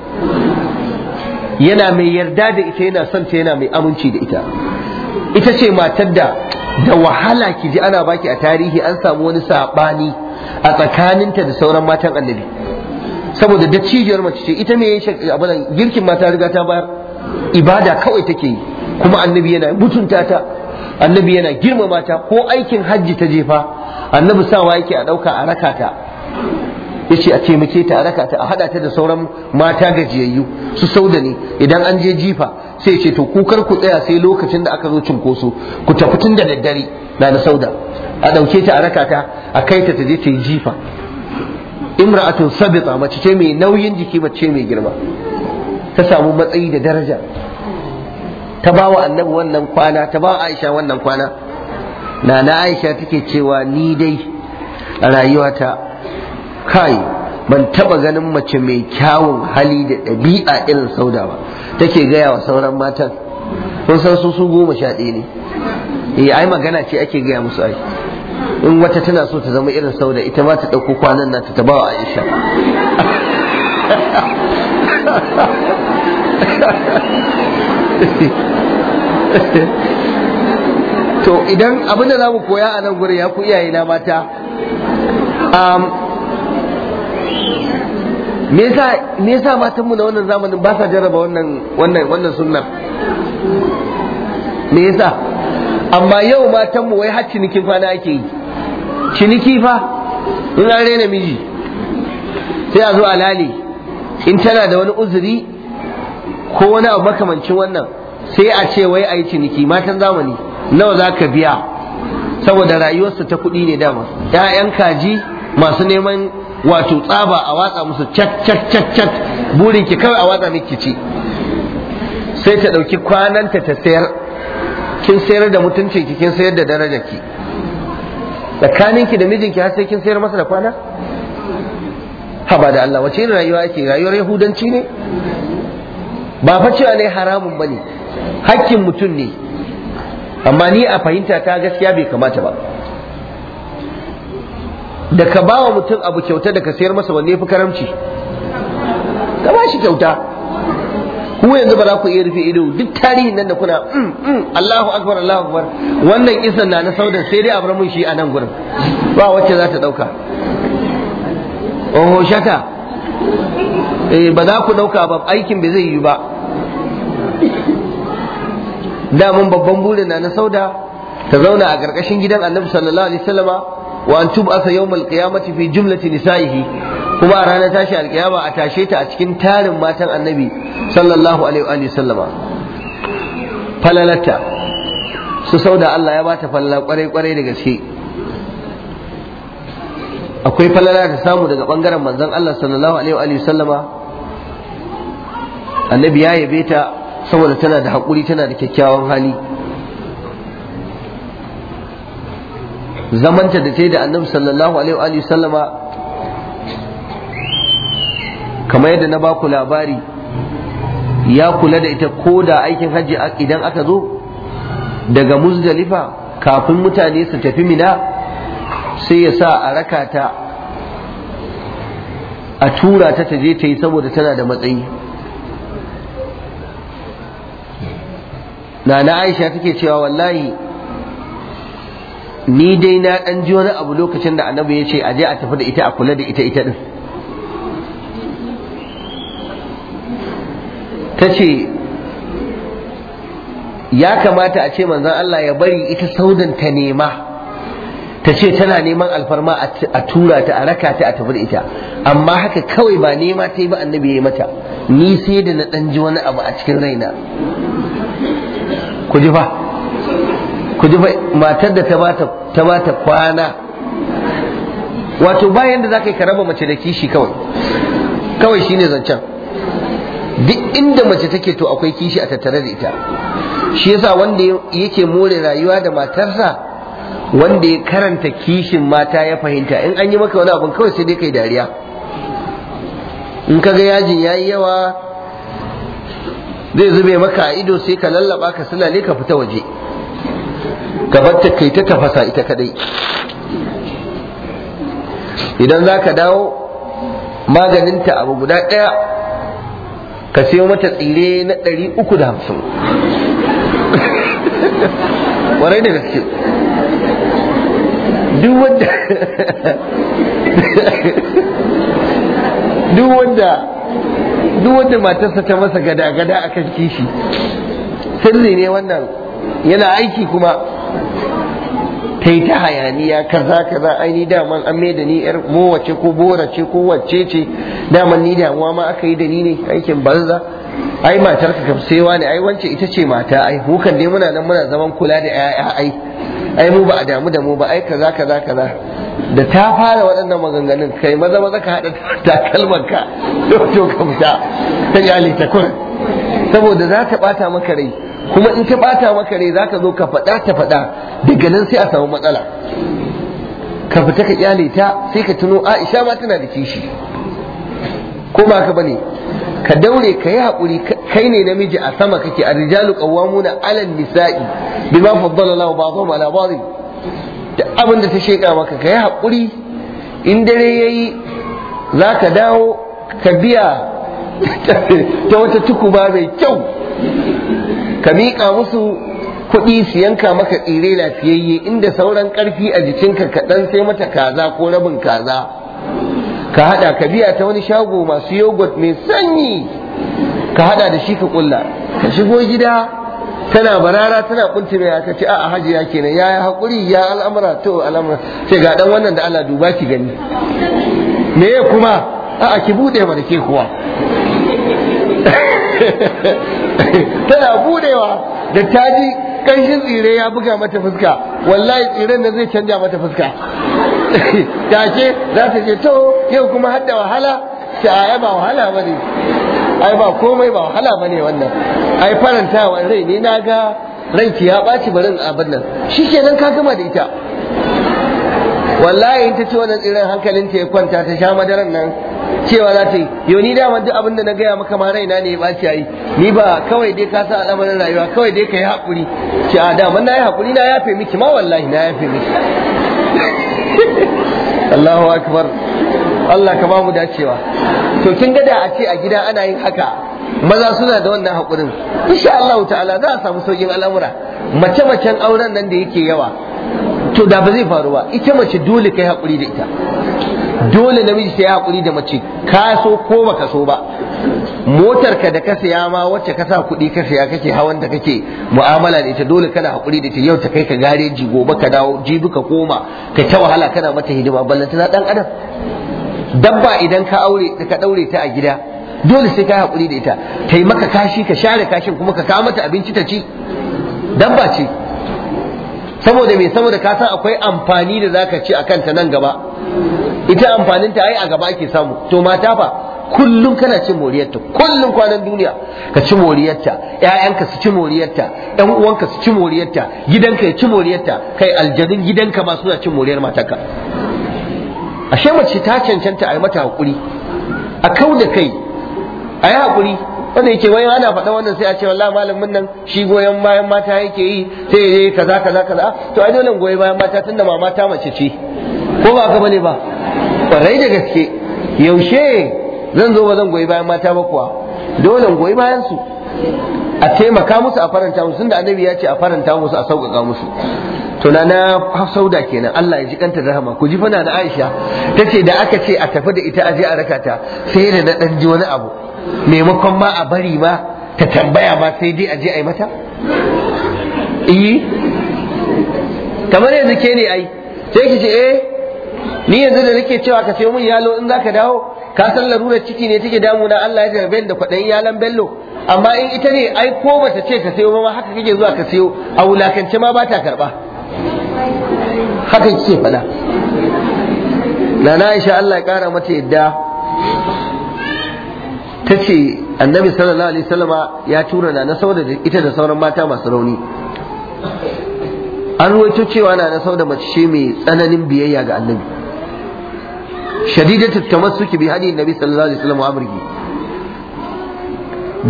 yana mai yarda da ita yana son ta yana mai aminci da ita ita ce matar da da wahala ki ji ana baki a tarihi an samu wani sabani a tsakaninta da sauran matan annabi saboda da cijiyar mace ce ita me abin girkin mata riga ta bayar ibada kawai take yi kuma annabi yana mutunta ta annabi yana girmama ta ko aikin hajji ta jefa annabi sawa yake a ɗauka a raka ta ya ce a taimake ta a raka ta a haɗa ta da sauran mata gajiyayyu su sauda ne idan an je jifa sai ce to kukar ku tsaya sai lokacin da aka zo cinkoso ku tafi tun da daddare na da sauda a ɗauke ta a raka ta a kai ta ta je ta yi jifa imra'atun sabita mace ce mai nauyin jiki mace mai girma ta samu matsayi da daraja ta ba wa annabi wannan kwana ta ba aisha wannan kwana na na aisha take cewa ni dai a rayuwata kai ban taba ganin mace mai kyawun hali da ɗabi'a irin sauda ba take gaya wa sauran matan kun san su su goma sha ɗaya ne eh ai magana ce ake gaya musu ai in wata tana so ta zama irin sauda ita ma ta ɗauko kwanan nan ta ta wa aisha to idan abin za mu koya a nan gurin ya ku iyaye na mata um, me yasa me matanmu na wannan zamanin ba sa jarraba wannan wannan wannan me yasa amma yau matanmu wai har cinikin kwana ake yi ciniki fa in an rena miji sai a zo a lale in tana da wani uzuri ko wani abu makamancin wannan sai a ce wai a yi ciniki matan zamani nawa za ka biya saboda rayuwarsa ta kuɗi ne dama ‘ya'yan kaji masu neman wato tsaba a watsa musu cat cat cat cat burin ki kawai a watsa miki ci sai ta ɗauki kwananta ta sayar kin sayar da mutuncin ki kin sayar da darajar ki tsakaninki da mijinki har sai kin sayar masa da kwana haba da Allah wace rayuwa ake rayuwar yahudanci ne ba fa cewa ne haramun bane hakkin mutum ne amma ni a fahimta ta gaskiya bai kamata ba da ka ba wa mutum abu kyauta da ka sayar masa wanne fi karamci ka ba shi kyauta ku yanzu ba za ku iya rufe ido duk tarihin nan da kuna mm, mm, Allahu akbar Allahu akbar wannan isan na na saudan sai dai a mun shi a nan gurin ba wacce za ta dauka oho shaka Eh, ba za ku ɗauka ba aikin ba zai yi ba damun babban burin na na sauda ta zauna a ƙarƙashin gidan annabi sallallahu alaihi wasallama wa an tub asa yawmal qiyamati fi jumlati nisaihi kuma a ranar tashi alƙiyama a tashe ta a cikin tarin matan annabi sallallahu alaihi wasallama falalata su sauda Allah ya bata falala kwarai kwarai da gaske akwai falala ta samu daga bangaren manzon Allah sallallahu alaihi wa sallama annabi ya yabe ta saboda tana da haƙuri tana da kyakkyawan hali zamanta da ta da annabi sallallahu alaihi wa sallama kamar yadda na baku labari ya kula da ita ko da aikin hajji idan aka zo daga muzdalifa kafin mutane su tafi mina sai ya sa a raka ta a tura ta ta je ta yi saboda tana da matsayi na na aisha take cewa wallahi ni dai na ɗan ji wani abu lokacin da annabi ya ce aje a tafi da ita a kula da ita ita ɗin ta ya kamata a ce manzan Allah ya bari ita saudan ta nema ta ce tana neman alfarma a tura ta a raka ta a tafi da ita amma haka kawai ba nema ta yi ba annabi ya yi mata ni sai da na ɗan ji wani abu a cikin raina ku ji fa ku ji fa matar da ta bata ta kwana wato bayan da zaka yi karaba mace da kishi kawai kawai shine zancen duk inda mace take to akwai kishi a tattare da ita shi yasa wanda yake more rayuwa da matarsa wanda ya karanta kishin mata ya fahimta in an yi maka wani abin kawai sai dai kai dariya in kaga yajin yayi yawa zai zube maka a ido sai ka lallaba ka sulale ka fita waje Ka gabatta kai ta tafasa ita kadai idan za ka dawo maganinta abu guda ɗaya ka sayo mata tsire na ɗari uku da hamsin da gaske duk wanda duk wanda duk wanda matarsa ta masa gada-gada a kan kishi sirri ne wannan yana aiki kuma ta yi ta hayaniya kaza kaza ai ni daman an mai da ni yar mowace ko borace ko wacce ce daman ni damuwa ma aka yi da ni ne aikin banza ai matar ka kamsewa ne ai wance ita ce mata ai hukan dai muna nan muna zaman kula da 'ya'ya ai ai mu ba a damu da mu ba ai kaza kaza kaza da ta fara waɗannan maganganun kai maza maza ka haɗa takalmar ka to ka fita ta yali ta kun saboda za ta ɓata maka rai kuma in ta ɓata maka rai za ka zo ka faɗa ta faɗa daga nan sai a samu matsala ka fita ka kyale ta sai ka tuno Aisha ma tana da kishi ko ba ka bane ka daure ka yi haƙuri kai ne namiji a sama kake a rijalu qawwamuna 'alan nisa'i bima faddala Allahu ba'dhum 'ala ba'dhin Da abin da ta sheka maka ka yi haƙuri in dare ya yi za ka dawo ka biya ta wata tukuba mai kyau ka miƙa musu kuɗi su yanka maka tsire lafiyayye inda sauran ƙarfi a jikinka kaɗan sai mata kaza ko rabin kaza ka haɗa ka biya ta wani shago masu yogurt mai sanyi ka haɗa da shi ka ƙulla ka shigo gida tana barara tana mai aka ce a hajiya kenan ya yi haƙuri ya al'amura to al'amura sai ga dan wannan da Allah duba ki gani me ya kuma a'a ki bude mana ke kuwa tana budewa da taji kanshin tsire ya buga mata fuska wallahi tsiren na zai canja mata fuska take za ta ce to yau kuma hadda wahala ta ayaba wahala bane ai ba komai ba wahala bane wannan ai farantawa rai ne na ga ranki ya ɓaci barin abin nan ka gama da ita wallahi in ta ci wannan tsirin hankalin ta ya kwanta ta sha madaran nan cewa za ta yi yau ni dama duk abin da na gaya maka ma raina ne ya ɓaci ayi ni ba kawai dai ka sa al'amarin rayuwa kawai dai ka yi haƙuri ce a dama na yi haƙuri na yafe miki ma wallahi na yafe miki Allahu akbar Allah ka ba mu dacewa to kin ga da a ce a gida ana yin haka maza suna da wannan hakurin insha Allah ta'ala za a samu saukin al'amura mace macen auren nan da yake yawa to da ba zai faru ba ita mace dole kai hakuri da ita dole namiji sai hakuri da mace ka so ko baka so ba motar ka da ka saya ma wacce ka sa kuɗi ka saya kake hawan da kake mu'amala da ita dole kana hakuri da ita yau ta kai ka gareji gobe ka dawo jibi ka koma ka ta wahala kana mata hidima ballanta na dan adam dabba idan ka aure ka daure ta a gida dole sai ka hakuri da ita ta maka kashi ka share kashin kuma ka kawo mata abinci ta ci dabba ce saboda me saboda ka san akwai amfani da zaka ci akan ta nan gaba ita amfanin ta ai a gaba ake samu to mata fa kullum kana cin moriyarta kullum kwanan duniya ka ci moriyarta ƴaƴanka su ci moriyarta ƴan uwanka su ci moriyarta gidanka ya ci moriyarta kai aljanin gidanka ma suna cin moriyar matarka ashe mace ta cancanta a yi mata hakuri a kau da kai a yi haƙuri. wanda yake wani ana faɗa wannan sai a ce wallahi malamin nan shi goyon bayan mata yake yi sai ya yi kaza kaza kaza to ai dole goyon bayan mata tunda ma mata mace ce ko ba ka bane ba kwarai da gaske yaushe zan zo ba zan goyi bayan mata ba kuwa dole goyi bayan su a taimaka musu a faranta musu tunda annabi ya ce a faranta musu a sauƙaƙa musu tunana na na kenan Allah ya ji kanta rahama ku ji fana na Aisha tace da aka ce a tafi da ita aje a rakata, sai da na dan ji wani abu maimakon ma a bari ma ta tambaya ma sai dai aje ai mata eh kamar yanzu ke ne ai sai ki ce eh ni yanzu da nake cewa ka sayo min yalo in zaka dawo ka san larurar ciki ne take na Allah ya jarbe da kwaɗayin yalan bello amma in ita ne ai ko bata ce ka sayo ba haka kake zuwa ka sayo a wulakance ma ba ta karba. haka kike faɗa na Aisha Allah ya ƙara mata yadda ta ce annabi sallallahu alaihi Salama ya tura na na da ita da sauran mata masu rauni an ruwaito cewa na nasau da mace mai tsananin biyayya ga annabi shadidatu tamassuki bi hadin nabi sallallahu alaihi wasallam amriki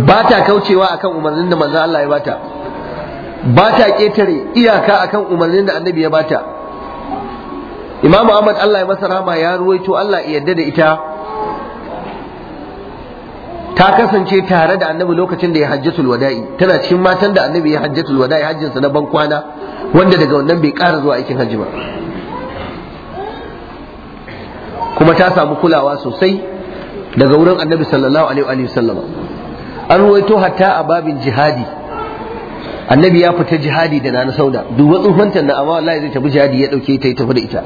ba ta kaucewa akan umarnin da manzo Allah ya bata ba ta ƙetare iyaka akan umarnin da annabi ya bata imamu ahmad allah ya masa rama ya ruwaito allah ya yarda da ita ta kasance tare da annabi lokacin da ya hajjatul wada'i tana cikin matan da annabi ya hajjatul wada'i hajjinsa na ban kwana. wanda daga wannan bai ƙara zuwa aikin hajji ba kuma ta samu kulawa sosai daga wurin annabi sallallahu alaihi wa sallama an ruwaito hatta a babin jihadi annabi ya fita jihadi da nana sauda duba tsufanta na amma wallahi zai tafi jihadi ya dauke ta ya tafi da ita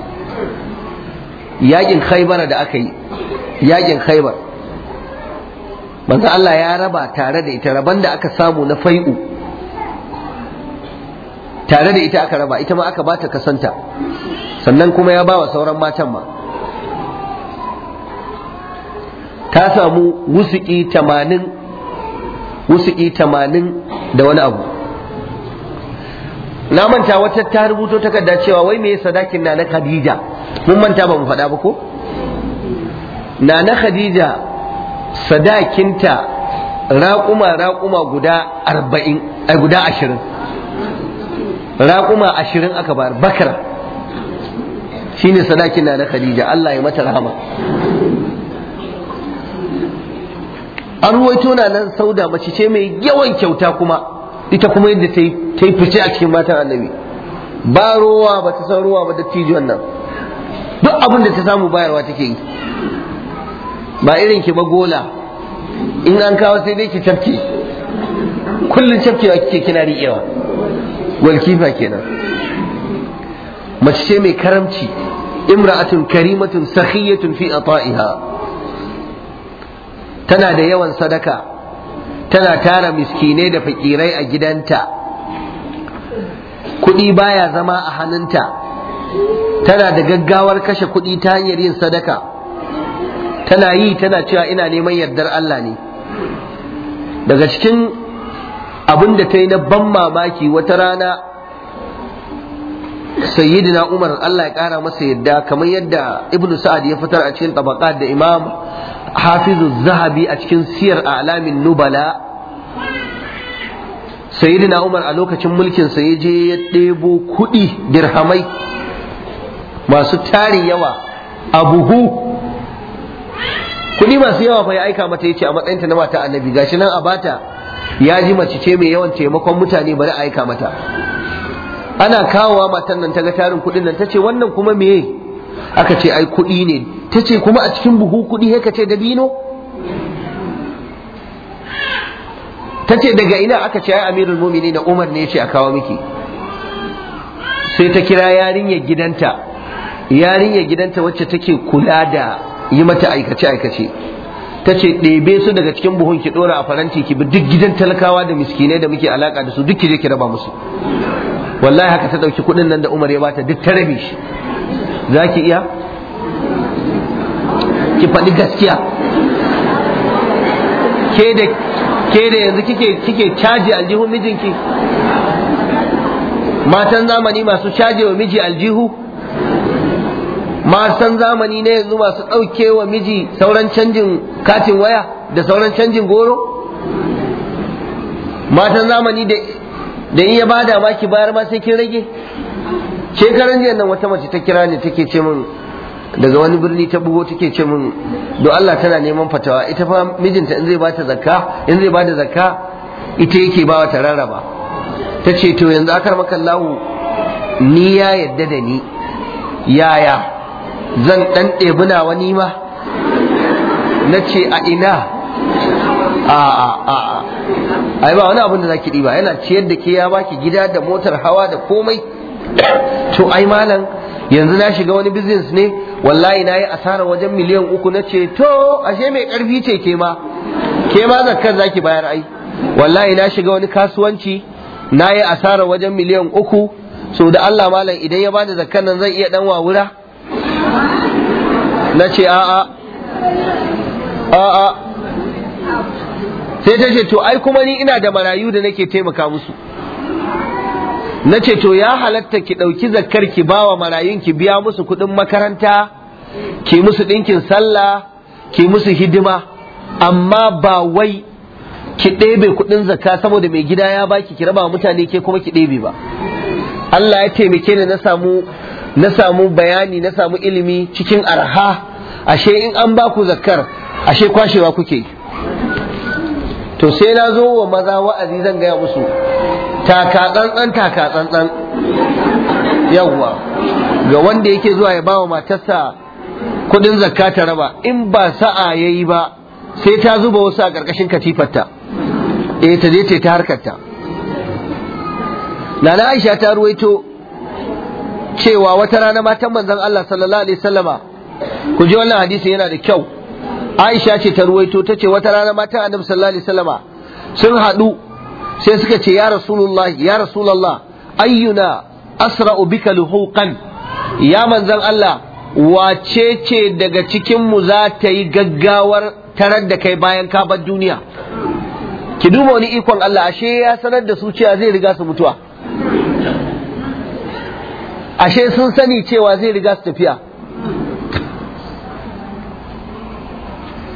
yakin khaybara da aka yi yakin khaibar manzo Allah ya raba tare da ita raban da aka samu na fai'u tare da ita aka raba ita ma aka bata kasanta sannan kuma ya bawa sauran matan ma ta samu wusuki tamanin wusuki tamanin da wani abu na manta wata ta rubuto takarda cewa wai me sadakin na na Khadija mun manta ba mu faɗa ba ko na na Khadija sadakinta raƙuma raƙuma guda arba'in ai guda ashirin raƙuma ashirin aka bar bakara shine sadakin na na Khadija Allah ya mata rahama an ruwaito na nan sauda mace ce mai yawan kyauta kuma ita kuma yadda ta yi fice a cikin matan annabi ba ruwa ba ta san ruwa ba tiji wannan duk abin da ta samu bayarwa take yi ba irin ki ba in an kawo sai dai ki cafke kullum cafkewa kike kina riƙewa walkifa kenan mace ce mai karamci imra'atun karimatun sakhiyatun fi ata'iha tana da yawan sadaka tana tara miskinai da fakirai a gidanta kuɗi baya zama a hannunta tana da gaggawar kashe kuɗi ta hanyar yin sadaka tana yi tana cewa ina neman yardar Allah ne daga cikin abin da ta yi na ban mamaki wata rana sayyidina umar Allah ya kara masa yadda kamar yadda ibnu sa'ad ya fitar a cikin tabaqat da imam hafizu zahabi a cikin siyar alamin nubala na umar a lokacin mulkin sa yaje je ya ɗebo kuɗi dirhamai masu tarin yawa a buhu kuɗi masu yawa fa ya aika mata yace ce a matsayinta na mata annabi gashi nan a bata ya ji mace ce mai yawan taimakon mutane bari a aika mata ana kawowa matan nan ta ga tarin kuɗin nan tace wannan kuma meye aka ce ai kuɗi ne ta ce kuma a cikin buhu kuɗi ka ce dabino ta ce daga ina aka ce ai amirul mumini na umar ne ce a kawo miki sai ta kira yarinya gidanta Yarinya gidanta wacce take kula da yi mata aikace aikace ta ce ɗebe su daga cikin buhun ki ɗora a faranti ki bi duk gidan talakawa da miskinai da muke alaka da su duk ki je ki raba musu wallahi haka ta ɗauki kuɗin nan da umar ya bata duk ta shi za ki iya ki faɗi gaskiya ke da ke da yanzu kike kike caji aljihun mijinki matan zamani masu caje wa miji aljihu matan zamani ne yanzu masu ɗauke wa miji sauran canjin katin waya da sauran canjin goro matan zamani da in ya bada ma ki bayar ma sai kin rage shekaran jiya nan wata mace ta kira ni take ce min daga wani birni ta bugo take ce min don Allah tana neman fatawa ita fa mijinta in zai ba ta zakka in zai ba da zakka ita yake ba ta rarraba ta ce to yanzu akar maka Allah ni ya yadda da ni yaya zan dan ɗebuna wani ma na ce a ina a a a ai ba wani abin da zaki ɗiba yana ciyar da ke ya baki gida da motar hawa da komai to ai malam yanzu na shiga wani business ne wallahi na yi asara wajen miliyan uku na ce to ashe mai karfi ce ke ma ke ma zakkar zaki bayar ai wallahi na shiga wani kasuwanci na yi asara wajen miliyan uku so da Allah malam idan ya bani zakkan nan zan iya dan wawura na ce a'a a'a sai ta ce to ai kuma ni ina da marayu da nake taimaka musu na ce to ya halatta ki ɗauki zakar ki bawa marayun ki biya musu kuɗin makaranta ki musu ɗinkin sallah ki musu hidima amma ba wai ki ɗebe kuɗin zakka saboda mai gida ya baki ki raba mutane ke kuma ki ɗebe ba Allah ya taimake ni na samu na samu bayani na samu ilimi cikin arha ashe in an baku zakkar ashe kwashewa kuke to sai na zo wa maza wa'azi zan gaya musu taka tsantsan taka tsantsan yawwa ga wanda yake zuwa ya bawa matarsa kudin zakka ta raba in ba sa'a yayi ba sai ta zuba wasu a ƙarƙashin katifarta eh ta je ta harkarta nana Aisha ta ruwaito cewa wata rana matan manzon Allah sallallahu alaihi wasallama ku ji wannan hadisi yana da kyau Aisha ce ta ruwaito ta ce wata rana matan Annabi sallallahu alaihi wasallama sun haɗu sai suka ce ya rasulullah ya rasulullah ayyuna asra'u bika luhuqan ya manzan Allah wace ce daga cikinmu za ta yi gaggawar tarar da kai bayan kabar duniya ki duba wani ikon Allah ashe ya sanar da su cewa zai riga su mutuwa ashe sun sani cewa zai riga su tafiya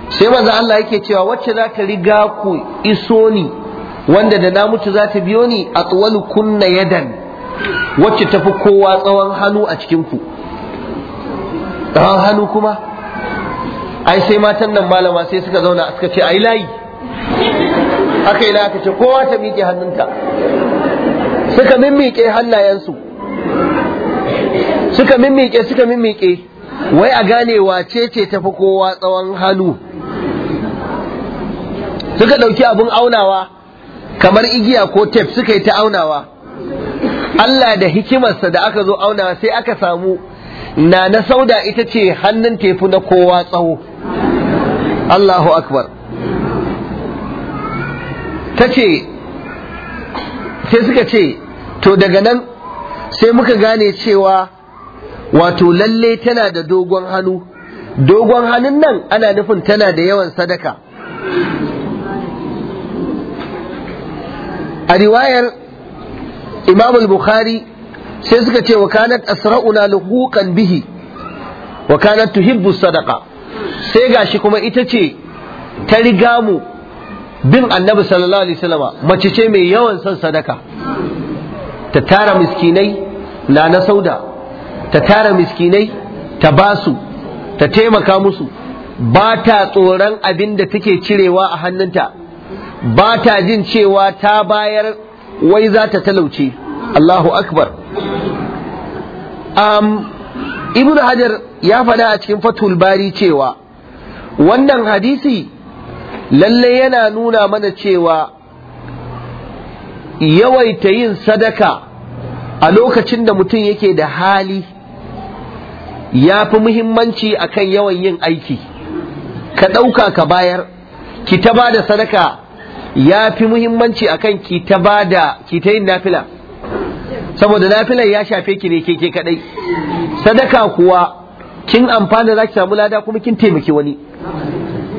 sai manzan Allah yake cewa wacce za ta riga ku iso ni wanda da na mutu za ta biyo ni a tsawon kunna yadan wacce tafi kowa tsawon hannu a cikin ku tsawon hannu kuma ai sai matan nan malama sai suka zauna suka ce ai layi aka yi layi aka ce kowa ta miƙe hannunta suka mimmiƙe hannayensu suka mimmiƙe suka mimmiƙe wai a gane wace ce tafi kowa tsawon hannu suka ɗauki abin aunawa kamar igiya ko tef suka yi ta aunawa Allah da hikimarsa da aka zo aunawa sai aka samu na na sauda ita ce hannun tefu na kowa tsawo Allahu akbar ta ce sai suka ce to daga nan sai muka gane cewa wato lalle tana da dogon hannu dogon hannun nan ana nufin tana da yawan sadaka a riwayar imam al-bukhari sai suka ce wa kanat asra'una luhuqan bihi wa kanat tuhibbu sadaqa sai gashi kuma ita ce ta riga mu bin annabi sallallahu alaihi wasallama mace ce mai yawan son sadaka ta tara miskinai na na sauda ta tara miskinai ta basu ta taimaka musu ba ta tsoron abin da take cirewa a hannunta ba ta jin cewa ta bayar wai za ta talauce Allahu akbar um, ibn hajar ya faɗa a cikin fatul bari cewa wannan hadisi lalle yana nuna mana cewa yawaita yin sadaka a lokacin da mutum yake da hali ya fi muhimmanci akan yawan yin aiki ka ɗauka ka bayar ki ta ba da sadaka ya fi muhimmanci akan ki ta bada ki ta yin nafila saboda nafilan ya shafe ki ne keke kadai sadaka kuwa kin amfana za ki samu lada kuma kin taimaki wani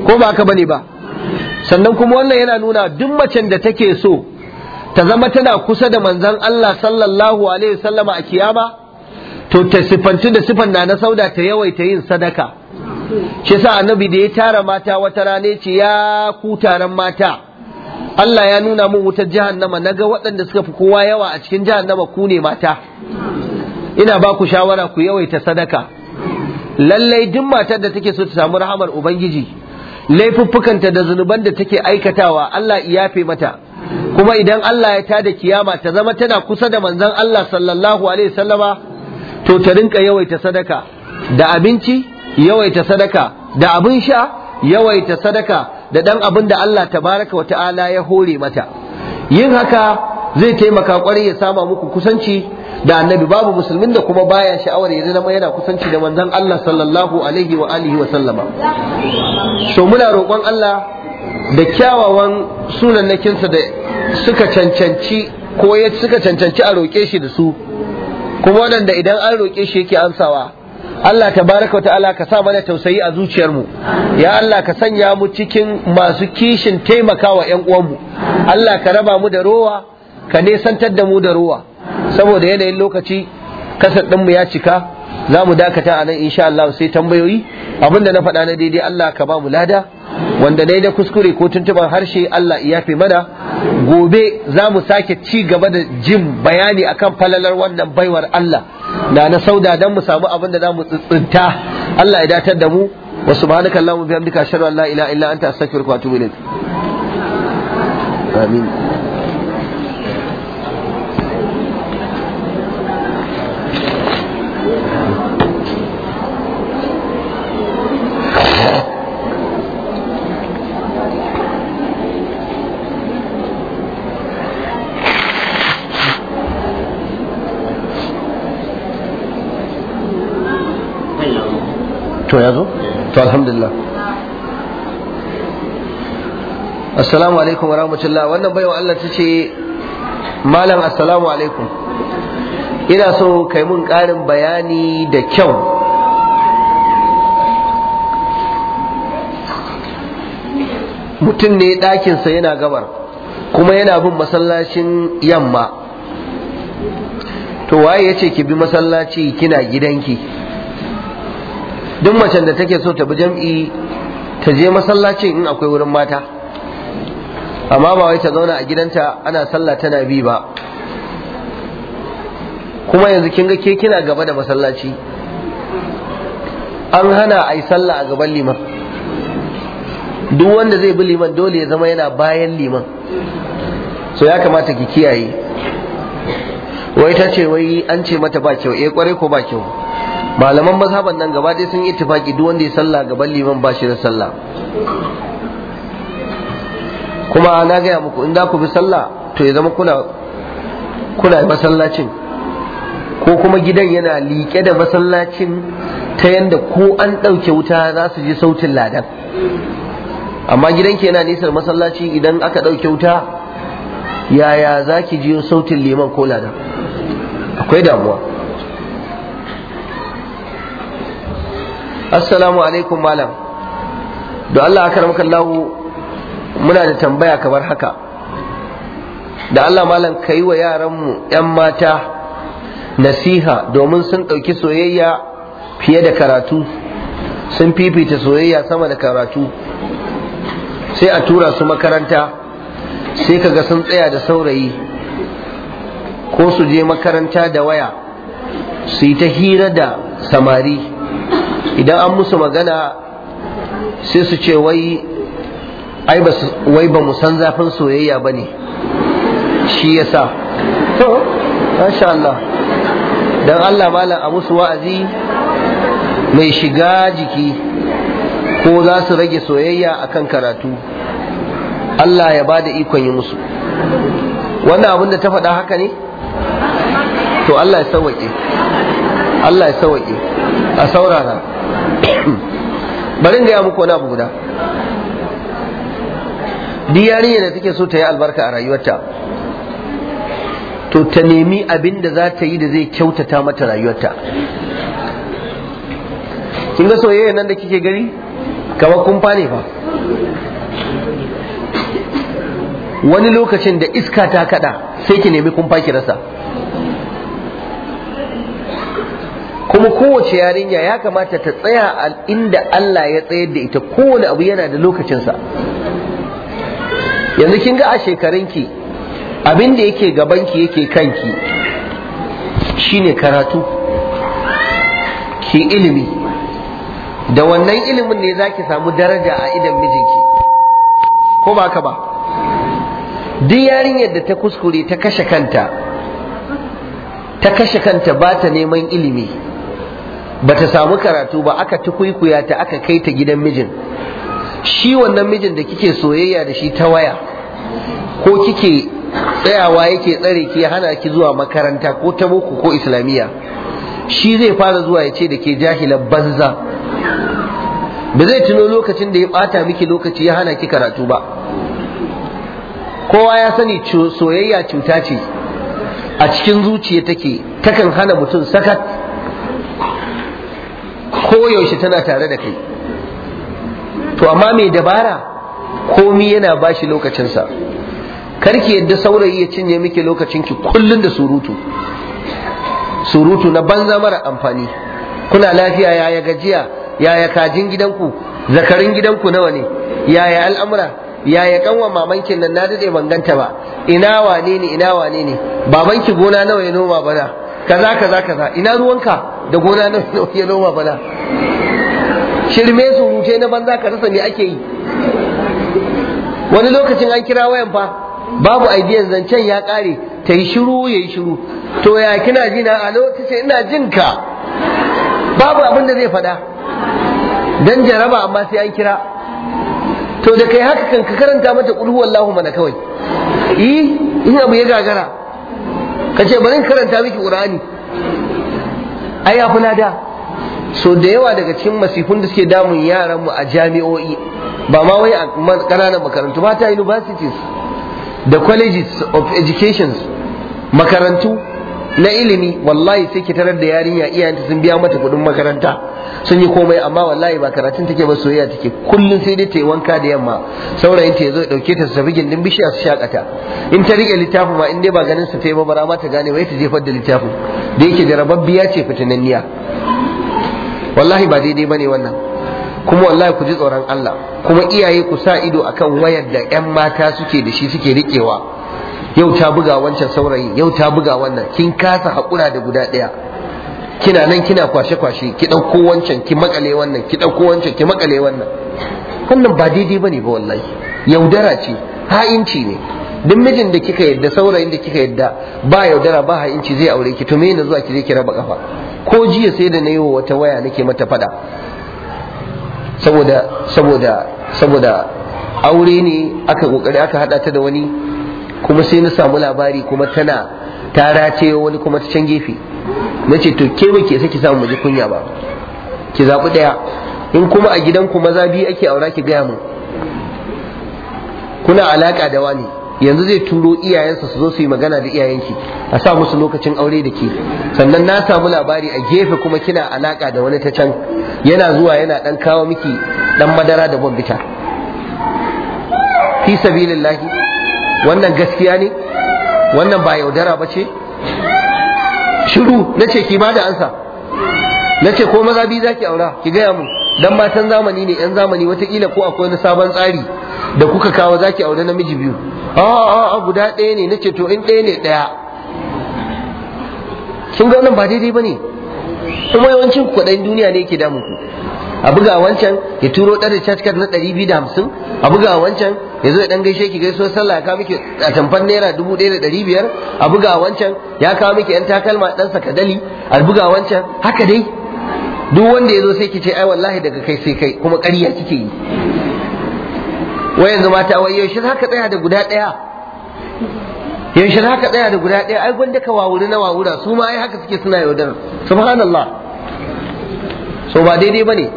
ko ba haka bane ba sannan kuma wannan yana nuna duk macen da take so ta zama tana kusa da manzon Allah sallallahu alaihi wasallama a kiyama to ta sifanci da sifan na na sauda ta yawaita yin sadaka shi sa annabi da ya tara mata wata rana ce ya ku taron mata Allah ya nuna min wutar jahannama naga waɗanda suka fi kowa yawa a cikin jahannama ku ne mata ina ba ku shawara ku yawaita sadaka lallai duk matar da take so ta samu rahamar ubangiji laifuffukanta da zunuban da take aikatawa Allah ya yafe mata kuma idan Allah ya tada kiyama ta zama tana kusa da manzon Allah sallallahu alaihi sallama to ta rinka yawaita sadaka da abinci yawaita sadaka da abin sha yawaita sadaka da ɗan abin da Allah tabaraka wa ya hore mata yin haka zai taimaka kwarai ya sama muku kusanci da annabi babu musulmin da kuma baya sha'awar ya zama yana kusanci da manzon Allah sallallahu alaihi wa alihi wa sallama so muna roƙon Allah da kyawawan sunannakinsa da suka cancanci ko ya suka cancanci a roƙe shi da su kuma waɗanda idan an roƙe shi yake amsawa Allah ta tabaraka ta'ala ka sa mana tausayi a zuciyar mu ya Allah ka sanya mu cikin masu kishin taimakawa ƴan uwanmu Allah ka raba mu da rowa ka nesantar da mu da rowa saboda yanayin lokaci kasar mu ya cika za mu dakata a nan insha Allah sai tambayoyi abinda na faɗa na daidai Allah ka ba mu lada wanda na da kuskure ko tuntuban harshe Allah ya fi mana gobe za mu sake ci gaba da jin bayani akan falalar wannan baiwar Allah na na sauda dan mu samu abin da za mu tsintsinta Allah ya datar da mu wa subhanaka allahumma bihamdika ashhadu an la ilaha illa anta astaghfiruka wa atubu ilaik amin to ya zo to alhamdulillah assalamu alaikum wa rahmatullah wannan baiwa Allah ta ce malam assalamu alaikum ina so kai mun ƙarin bayani da kyau mutum ne ɗakinsa yana gabar kuma yana bin masallacin yamma to waye ya ce ki bi masallaci kina gidanki duk macen da take so ta bi jam'i ta je masallacin in akwai wurin mata amma ba wai ta zauna a gidanta ana sallah tana bi ba kuma yanzu kin ga ke kina gaba da masallaci an hana a sallah a gaban liman duk wanda zai bi liman dole ya zama yana bayan liman so ya kamata ki kiyaye wai ta ce wai an ce mata ba kyau eh kwarai ko ba kyau malaman mazhaban nan gaba dai sun yi tufaki duk wanda ya sallah gaban liman ba shi da sallah kuma na gaya muku in za ku bi sallah to ya zama kuna kuna masallacin ko kuma gidan yana liƙe da masallacin ta yadda ko an ɗauke wuta za su ji sautin ladan amma gidanki yana nisan masallaci idan aka ɗauke wuta yaya za ki ji sautin liman ko ladan akwai damuwa assalamu alaikum malam da Allah aka kallahu muna da tambaya kamar haka da Allah malam ka yi wa yaranmu 'yan mata nasiha domin sun ɗauki soyayya fiye da karatu sun fifita soyayya sama da karatu sai a tura su makaranta sai ka ga sun tsaya da saurayi ko su je makaranta da waya su yi ta hira da samari idan an musu magana sai su ce wai ba mu san zafin soyayya ba ne shi yasa to masha Allah dan Allah malam a musu wa'azi mai shiga jiki ko za su rage soyayya akan karatu Allah ya bada ikon yi musu wannan abin da ta faɗa haka ne to Allah ya sauwaƙe Allah ya sauwaƙe a saurara da ya muku wani abu guda duk yarinya da take so ta yi albarka a rayuwarta to ta nemi abin da za ta yi da zai kyautata mata rayuwarta kin ga soyayya nan da kike gari kamar kumfa ne fa wani lokacin da iska ta kada sai ki nemi kumfa ki rasa kuma kowace yarinya ya kamata ta tsaya a inda Allah ya tsayar da ita kowane abu yana da lokacinsa yanzu kin ga a shekarunki abin yake gabanki yake kanki shine karatu ki ilimi da wannan ilimin ne zaki samu daraja a idan mijinki ko ba ka ba duk yarinyar da ta kuskure ta kashe kanta ta kashe kanta ba ta neman ilimi bata samu karatu ba aka tukuikuya ta aka kai ta gidan mijin shi wannan mijin da kike soyayya da shi ta waya ko kike tsayawa yake tsare ki hana ki zuwa makaranta ko ta boko ko islamiyya shi zai fara zuwa ya ce da ke jahilan banza ba zai tuno lokacin da ya bata miki lokaci ya hana ki karatu ba kowa ya sani soyayya cuta ce a cikin zuciya take takan hana mutum sakat koyaushe tana tare da kai to amma mai dabara komi yana ba shi lokacinsa karki yadda saurayi ya cinye miki lokacinki kullum da surutu surutu na banza mara amfani kuna lafiya yaya gajiya yaya kajin gidanku zakarin gidanku nawa ne yaya al'amura yaya kanwa mamankin nan na dade banganta ba ina wane ne ina wane ne babanki gona nawa ya noma bana kaza kaza kaza ina ruwanka da gona na ya noma bana shirme su surute na banza ka rasa me ake yi wani lokacin an kira wayan fa babu aidiyan zancen ya kare ta yi shiru ya yi shiru to ya kina ji na a lokacin ina jin ka babu abin da zai faɗa dan jaraba amma sai an kira to da kai haka kan ka karanta mata kulhu wallahu mana kawai eh in abu ya gagara ka ce bari karanta miki qur'ani ai ya da so da yawa daga cikin masifun da suke damun yaran mu a jami'o'i ba ma wai a ƙananan makarantu ba ta universities da colleges of education makarantu na ilimi wallahi sai ki tarar da yarinya iyayenta sun biya mata kuɗin makaranta sun yi komai amma wallahi ba karatun take ba soyayya take kullum sai dai ta yi wanka da yamma saurayin ta yazo ya dauke ta su tafi gindin bishiya su shakata in ta rike littafi ma in dai ba ganin sa ta yi ba bara ma ta gane wai ta jefar da littafin da yake jarababbiya ce fitinanniya wallahi ba daidai bane wannan kuma wallahi ku ji tsoron Allah kuma iyaye ku sa ido akan wayar da 'yan mata suke da shi suke rikewa yau ta buga wancan saurayi yau ta buga wannan kin kasa hakura da guda ɗaya kina nan kina kwashe-kwashe ki ɗauko wancan ki makale wannan ki ɗauko wancan ki makale wannan wannan ba daidai bane ba wallahi yaudara ce ha'inci ne duk mijin da kika yadda saurayin da kika yadda ba yaudara ba ha'inci zai aure ki to me zuwa ki je ki raba kafa ko jiya sai da nayi wata waya nake mata fada saboda saboda saboda aure ne aka kokari aka hada ta da wani kuma sai na samu labari kuma tana ta race wani kuma ta can gefe na ce to ke ba ke saki samu mu kunya ba ki zaɓi ɗaya in kuma a gidan gidanku maza biyu ake aura ki gaya mun kuna alaƙa da wani yanzu zai turo iyayensa su zo su yi magana da iyayenki a sa musu lokacin aure da ke sannan na samu labari a gefe kuma kina alaƙa da wani ta can yana zuwa yana ɗan kawo miki ɗan madara da bombita fi sabilillahi wannan gaskiya ne wannan ba yaudara ba ce shiru na ce kima da ansa na ce ko maza biyu zaki aura ki gaya mu dan matan zamani ne yan zamani watakila ko akwai wani sabon tsari da kuka kawo zaki aure namiji biyu a a guda ɗaya ne na ce to in ɗaya ne ɗaya kin ga wannan ba daidai ba ne kuma yawancin kwaɗayin duniya ne yake damu ku a buga wancan ya turo ɗan da na ɗari biyu da hamsin a buga wancan ya zo ya dan gaishe ki gaiso sallah ya kawo miki a tamfan naira dubu ɗaya da ɗari biyar a buga wancan ya kawo miki yan takalma ɗan sakadali a buga wancan haka dai duk wanda ya zo sai ki ce ai wallahi daga kai sai kai kuma ƙarya kike yi wai yanzu mata wai yaushe za ka tsaya da guda ɗaya yaushe za ka tsaya da guda ɗaya ai gwanda ka wawuri na wawura su ma ai haka suke suna yaudar subhanallah so ba daidai ba ne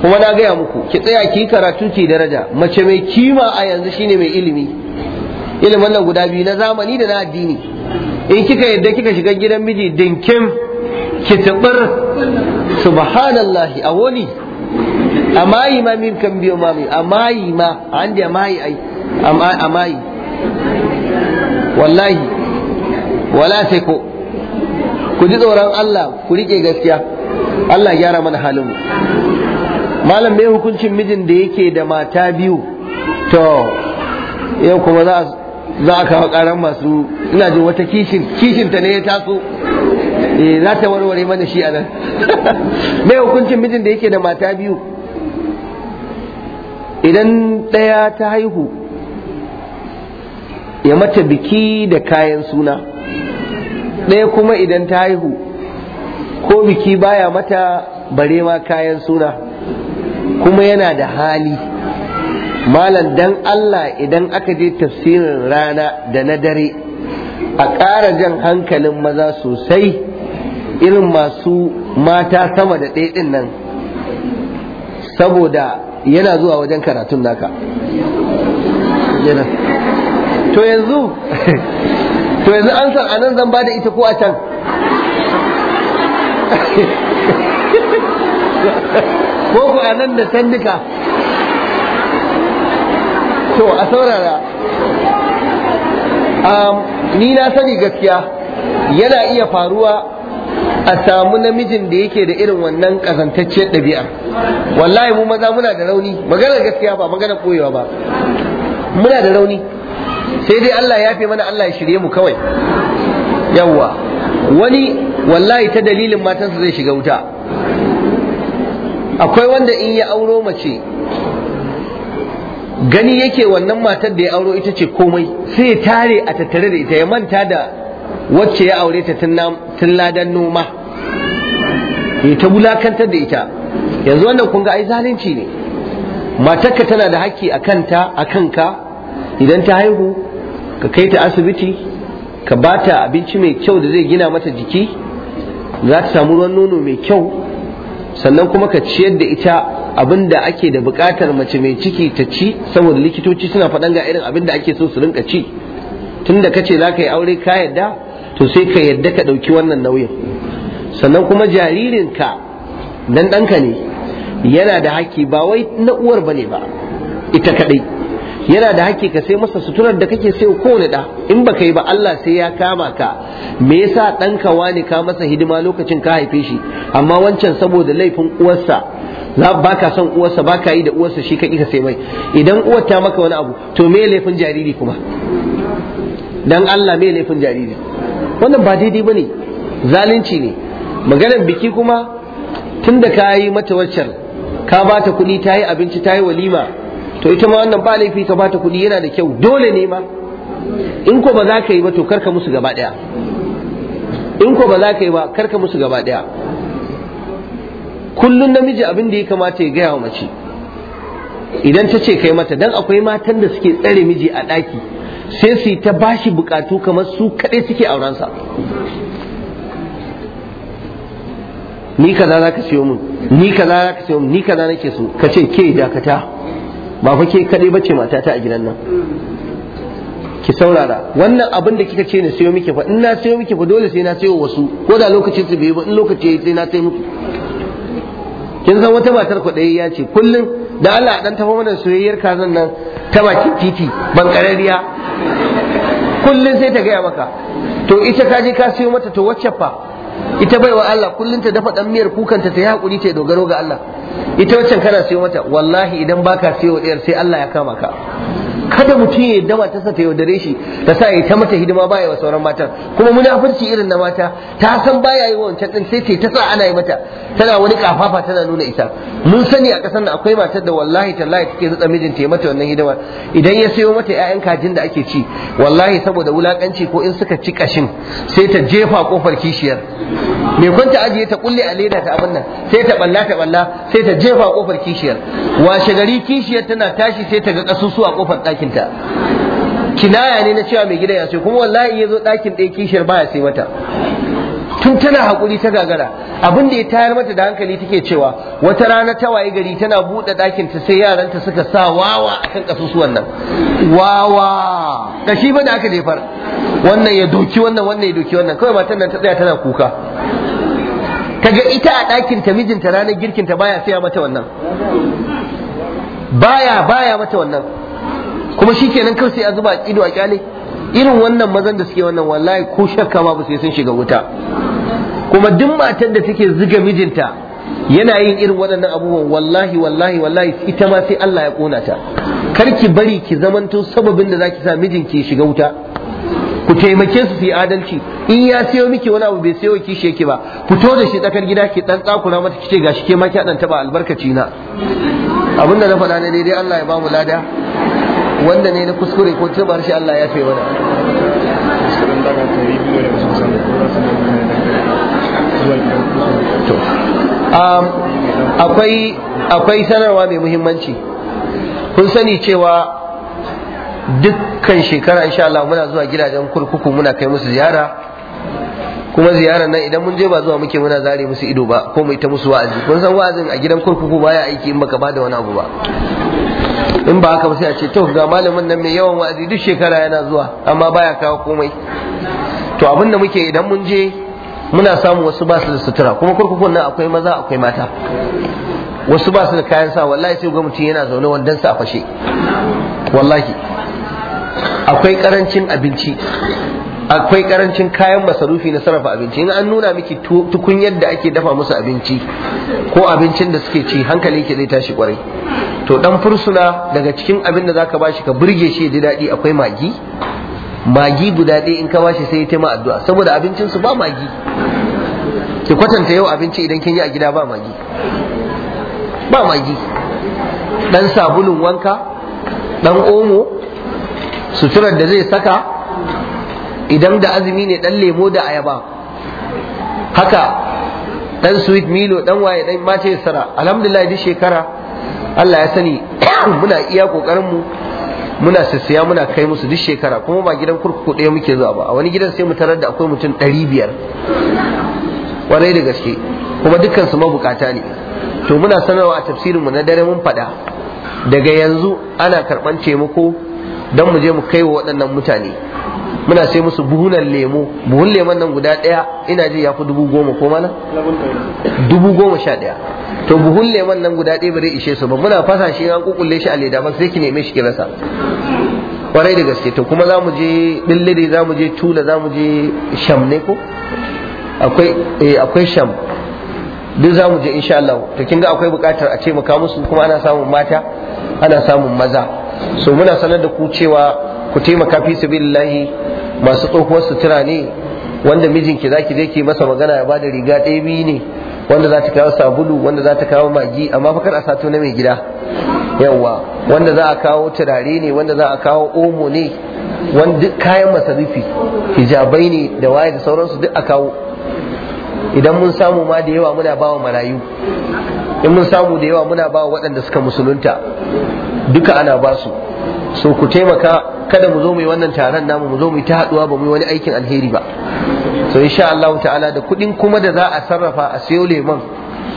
kuma na gaya muku ki tsaya ki karatu ki daraja mace mai kima a yanzu shine mai ilimi ilimin nan guda biyu na zamani da na addini in kika yadda kika shiga gidan miji dinkin ki tabar subhanallah a wani amayi ma min kan biyo mami amayi ma an da amayi ai amayi wallahi wala sai ko ku ji tsoron Allah ku rike gaskiya Allah gyara mana halin mu malam mai hukuncin mijin da yake da mata biyu to yau kuma za a kawo karan masu ina jin wata kishin kishin ta ne ya taso eh za ta warware mana shi a nan mai hukuncin mijin da yake da mata biyu idan ɗaya ta haihu ya mata biki da kayan suna ɗaya kuma idan ta haihu ko biki baya mata bare ma kayan suna kuma yana da hali malam dan Allah idan aka je tafsirin rana da na dare a ƙara jan hankalin maza sosai irin masu mata sama da ɗaya nan saboda yana zuwa wajen karatun naka to yanzu to yanzu an san anan zan bada ita ko a can ko ku a nan da sandika to a saurara ni na sani gaskiya yana iya faruwa a samu namijin da yake da irin wannan kazantacciyar ɗabi'a wallahi mu maza muna da rauni maganar gaskiya ba maganar koyewa ba muna da rauni sai dai Allah ya fi mana Allah ya shirye mu kawai yawwa wani wallahi ta dalilin matansa zai shiga wuta akwai wanda in ya auro mace gani yake wannan matar da ya auro ita ce komai sai ya tare a tattare da ita ya manta da wacce ya aure ta tun ladan noma ya ta bulakantar da ita yanzu wannan kun ga ai zalunci ne matarka tana da haƙƙi a kanta a kanka idan ta haihu ka kai ta asibiti ka bata abinci mai kyau da zai gina mata jiki za ta samu ruwan nono mai kyau sannan kuma ka ciyar da ita abin da ake da buƙatar mace mai ciki ta ci saboda likitoci suna faɗan ga irin abin da ake so su rinka ci tun da kace za ka yi aure ka yadda to sai ka yadda ka ɗauki wannan nauyin sannan kuma jaririnka dan ɗanka ne yana da haƙƙi ba wai na uwar bane ba ita kaɗai yana da hakki ka sai masa suturar da kake sai kowane da in baka yi ba Allah sai ya kama ka me yasa ɗanka wani ka masa hidima lokacin ka haife shi amma wancan saboda laifin uwarsa za ba ka son uwarsa ba ka yi da uwarsa shi ka kika sai mai idan uwar ta maka wani abu to me laifin jariri kuma dan Allah me laifin jariri wannan ba daidai bane zalunci ne maganar biki kuma tunda ka yi mata waccan ka ba ta kuɗi ta yi abinci ta yi walima to ita ma wannan ba laifi ka bata kuɗi yana da kyau dole ne ma in ko ba za ka yi ba to karka musu gaba ɗaya in ko ba za ka yi ba karka musu gaba ɗaya kullum namiji abin da ya kamata ya gaya wa mace idan ta ce kai mata dan akwai matan da suke tsare miji a ɗaki sai su yi ta bashi bukatu kamar su kaɗai suke aurensa ni kaza za ka siyo mun ni kaza za ka siyo mun ni kaza nake so ka ce ke dakata ba fa ke kadai bace ta a gidan nan ki saurara wannan abin da kika ce ne sayo miki fa in na sayo miki fa dole sai na sayo wasu ko da lokacin su bai ba in lokaci sai na sayo miki kin san wata matar ku ɗaya ya ce kullum da Allah dan tafi mana soyayyar kazan nan ta bakin titi ban karariya kullum sai ta gaya maka to ita ka je ka sayo mata to wacce fa ita baiwa Allah kullum ta dafa dan miyar kukanta ta yi hakuri ta dogaro ga Allah ita wancan kana sayo mata wallahi idan baka siyo ɗayar sai Allah ya kama ka kada mutum ya yadda matarsa ta yaudare shi ta sa ya ta mata hidima baya wa sauran matan kuma munafurci irin na mata ta san baya yi wa wancan din sai ce ta sa ana yi mata tana wani kafafa tana nuna isa mun sani a kasar na akwai matar da wallahi tallahi take zata mijinta ya mata wannan hidima idan ya sayo mata ƴaƴan kajin da ake ci wallahi saboda wulakanci ko in suka ci kashin sai ta jefa kofar kishiyar me kwanta ajiye ta kulle a leda ta abin nan sai ta balla ta balla sai ta jefa kofar kishiyar washe gari kishiyar tana tashi sai ta ga kasusu kofar ɗaki ɗakinta kinaya ne na cewa mai gidan ya ce kuma wallahi ya zo ɗakin ɗaya kishiyar baya sai mata tun tana hakuri ta gagara abin da ya tayar mata da hankali take cewa wata rana ta waye gari tana buɗe ɗakin ta sai yaranta suka sa wawa akan kasusuwan nan wawa kashi ba da aka jefar wannan ya doki wannan wannan ya doki wannan kawai matan nan ta tsaya tana kuka kaga ita a ɗakin ta mijinta ranar girkin ta baya ya mata wannan baya baya mata wannan kuma shi kenan kawai sai a zuba ido a kyale irin wannan mazan da suke wannan wallahi ko shakka babu sai sun shiga wuta kuma duk matan da take zuga mijinta yana yin irin waɗannan abubuwan wallahi wallahi wallahi ita ma sai Allah ya kona ta kar ki bari ki zamanto sababin da zaki sa mijinki shiga wuta ku taimake su su adalci in ya sayo miki wani abu bai sayo ki sheki ba fito da shi tsakar gida ki dan tsakura mata kice gashi ke ma ki dan taba albarkaci na abinda na faɗa ne daidai Allah ya ba mu lada wanda ne na kuskure ko ce bar shi Allah ya fi wani um, akwai akwai sanarwa mai muhimmanci kun sani cewa dukkan shekara insha Allah muna zuwa gidajen kurkuku muna kai musu ziyara kuma ziyarar nan idan mun je ba zuwa muke muna zare musu ido ba ko mu ita musu wa'azi kun san wa'azin a gidan kurkuku baya aiki in baka bada wani abu ba in ba haka ba sai a ce to ga malamin nan mai yawan wa'azi duk shekara yana zuwa amma baya kawo komai to abin da muke idan mun je muna samu wasu ba su da sutura kuma kurkukun nan akwai maza akwai mata wasu ba su da kayan sa wallahi sai gwamnati yana zaune wandan sa a fashe wallahi akwai karancin abinci akwai karancin kayan masarufi na sarrafa abinci in an nuna miki tukunyar da ake dafa musu abinci ko abincin da suke ci hankali ke zai tashi kwarai to dan fursuna daga cikin abin da zaka bashi ka burge shi da daɗi akwai magi magi guda ɗaya in ka bashi sai ya taima addu'a saboda abincin su ba magi ki kwatanta yau abinci idan kin yi a gida ba magi ba magi dan sabulun wanka dan omo suturar da zai saka idan da azumi ne dan lemo da ayaba haka dan sweet milo dan waye dan mace sara alhamdulillah duk shekara Allah ya sani muna iya kokarin mu muna sassaya muna kai musu duk shekara kuma ba gidan kurkuku ɗaya muke zuwa ba a wani gidan sai mu tarar da akwai mutum ɗari biyar warai da gaske kuma dukkan su mabukata ne to muna sanarwa a tafsirin mu na dare mun faɗa daga yanzu ana karɓan taimako don mu je mu kai wa waɗannan mutane muna sai musu buhunan lemo buhun lemon nan guda ɗaya ina ji ya fi dubu goma ko mana dubu goma sha ɗaya to buhun lemon nan guda ɗaya bare ishe su ba muna fasa shi an kukulle shi a leda ba sai ki neme shi ki rasa kwarai da gaske to kuma za mu je ɗillire za mu je tula za mu je sham ne ko eh, akwai sham duk za mu je insha Allah to kin ga akwai buƙatar a ce taimaka musu kuma ana samun mata ana samun maza so muna sanar da ku cewa ku taimaka fi billahi masu tsohuwar sutura ne wanda mijinki zaki je ki masa magana ya bada riga ɗaya biyu ne wanda za ta kawo sabulu wanda za ta kawo magi amma fakar a sato na mai gida Yawwa wanda za a kawo turare ne wanda za a kawo omo ne wanda kayan masarufi hijabai ne da waye da sauransu duk a kawo idan mun samu ma da yawa muna bawa marayu in mun samu da yawa muna bawa waɗanda suka musulunta duka ana basu so ku taimaka kada mu zo mu yi wannan taron namu mu zo mu yi ta haduwa ba mu yi wani aikin alheri ba so insha Allah ta'ala da kudin kuma da za a sarrafa a siyo lemon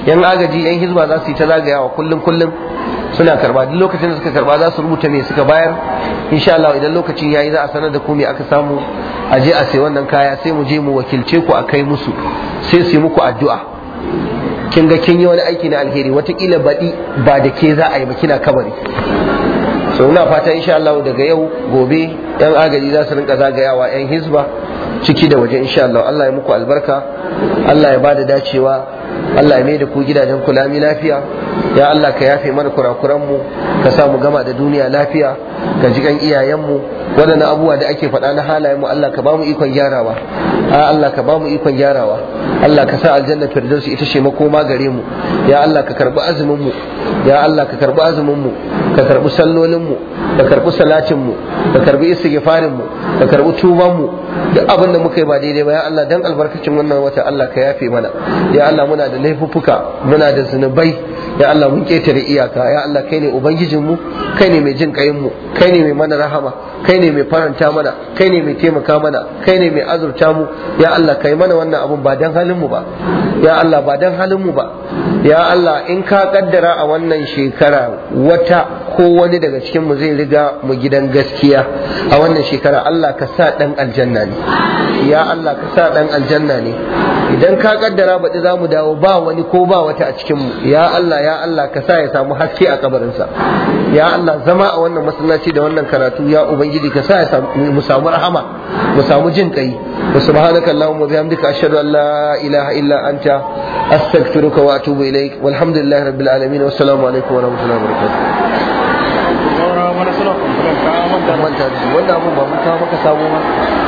yan agaji yan hizba za su yi ta zagayawa kullum kullum suna karba duk lokacin da suka karba za su rubuta me suka bayar insha Allah idan lokacin yi za a sanar da ku me aka samu a je a sayi wannan kaya sai mu je mu wakilce ku a kai musu sai su yi muku addu'a kin ga kin yi wani aiki na alheri watakila baɗi ba da ke za a yi ba kina kabari so muna fata insha Allah daga yau gobe yan agaji za su rinka zagayawa yan hizba ciki da waje insha Allah Allah ya muku albarka Allah ya bada dacewa Allah ya maida ku gidajen ku lami lafiya ya Allah ka yafe mana kurakuran mu ka sa mu gama da duniya lafiya ga ji kan iyayen mu waɗannan abubuwa da ake faɗa na halayen mu Allah ka ba mu ikon gyarawa a Allah ka ba mu ikon gyarawa Allah ka sa aljanna firdausi ita ce makoma gare mu ya Allah ka karbi azumin mu ya Allah ka karbi azumin mu ka karbi sallolin mu ka karbi salatin mu ka karbi istighfarinmu ka karbi tuban mu duk abin da muka yi ba daidai ba ya Allah dan albarkacin wannan wata Allah ka yafe mana ya Allah muna da laifuffuka muna da zunubai ya Allah mun ƙetare iyaka ya Allah kai ne ubangijin mu kai ne mai jin kayin mu kai ne mai mana rahama kai ne mai faranta mana kai ne mai taimaka mana kai ne mai azurta mu ya Allah kai mana wannan abun ba dan halin mu ba ya Allah ba dan halin mu ba ya Allah in ka kaddara a wannan shekara wata ko wani daga cikin mu zai riga mu gidan gaskiya a wannan shekara Allah ka sa dan aljanna ne ya Allah ka sa dan aljanna ne idan ka kaddara ba za mu dawo ba wani ko ba wata a cikin mu ya Allah Allah ya Allah ka sa ya samu haske a kabarinsa ya Allah zama a wannan masallaci da wannan karatu ya ubangiji ka sa ya mu samu rahama mu samu jin kai wa subhanaka allahumma bihamdika ashhadu an la ilaha illa anta astaghfiruka wa atubu ilaik walhamdulillahi rabbil alamin wa assalamu alaikum wa rahmatullahi wa barakatuh wannan abun ba mun kawo maka sabo ba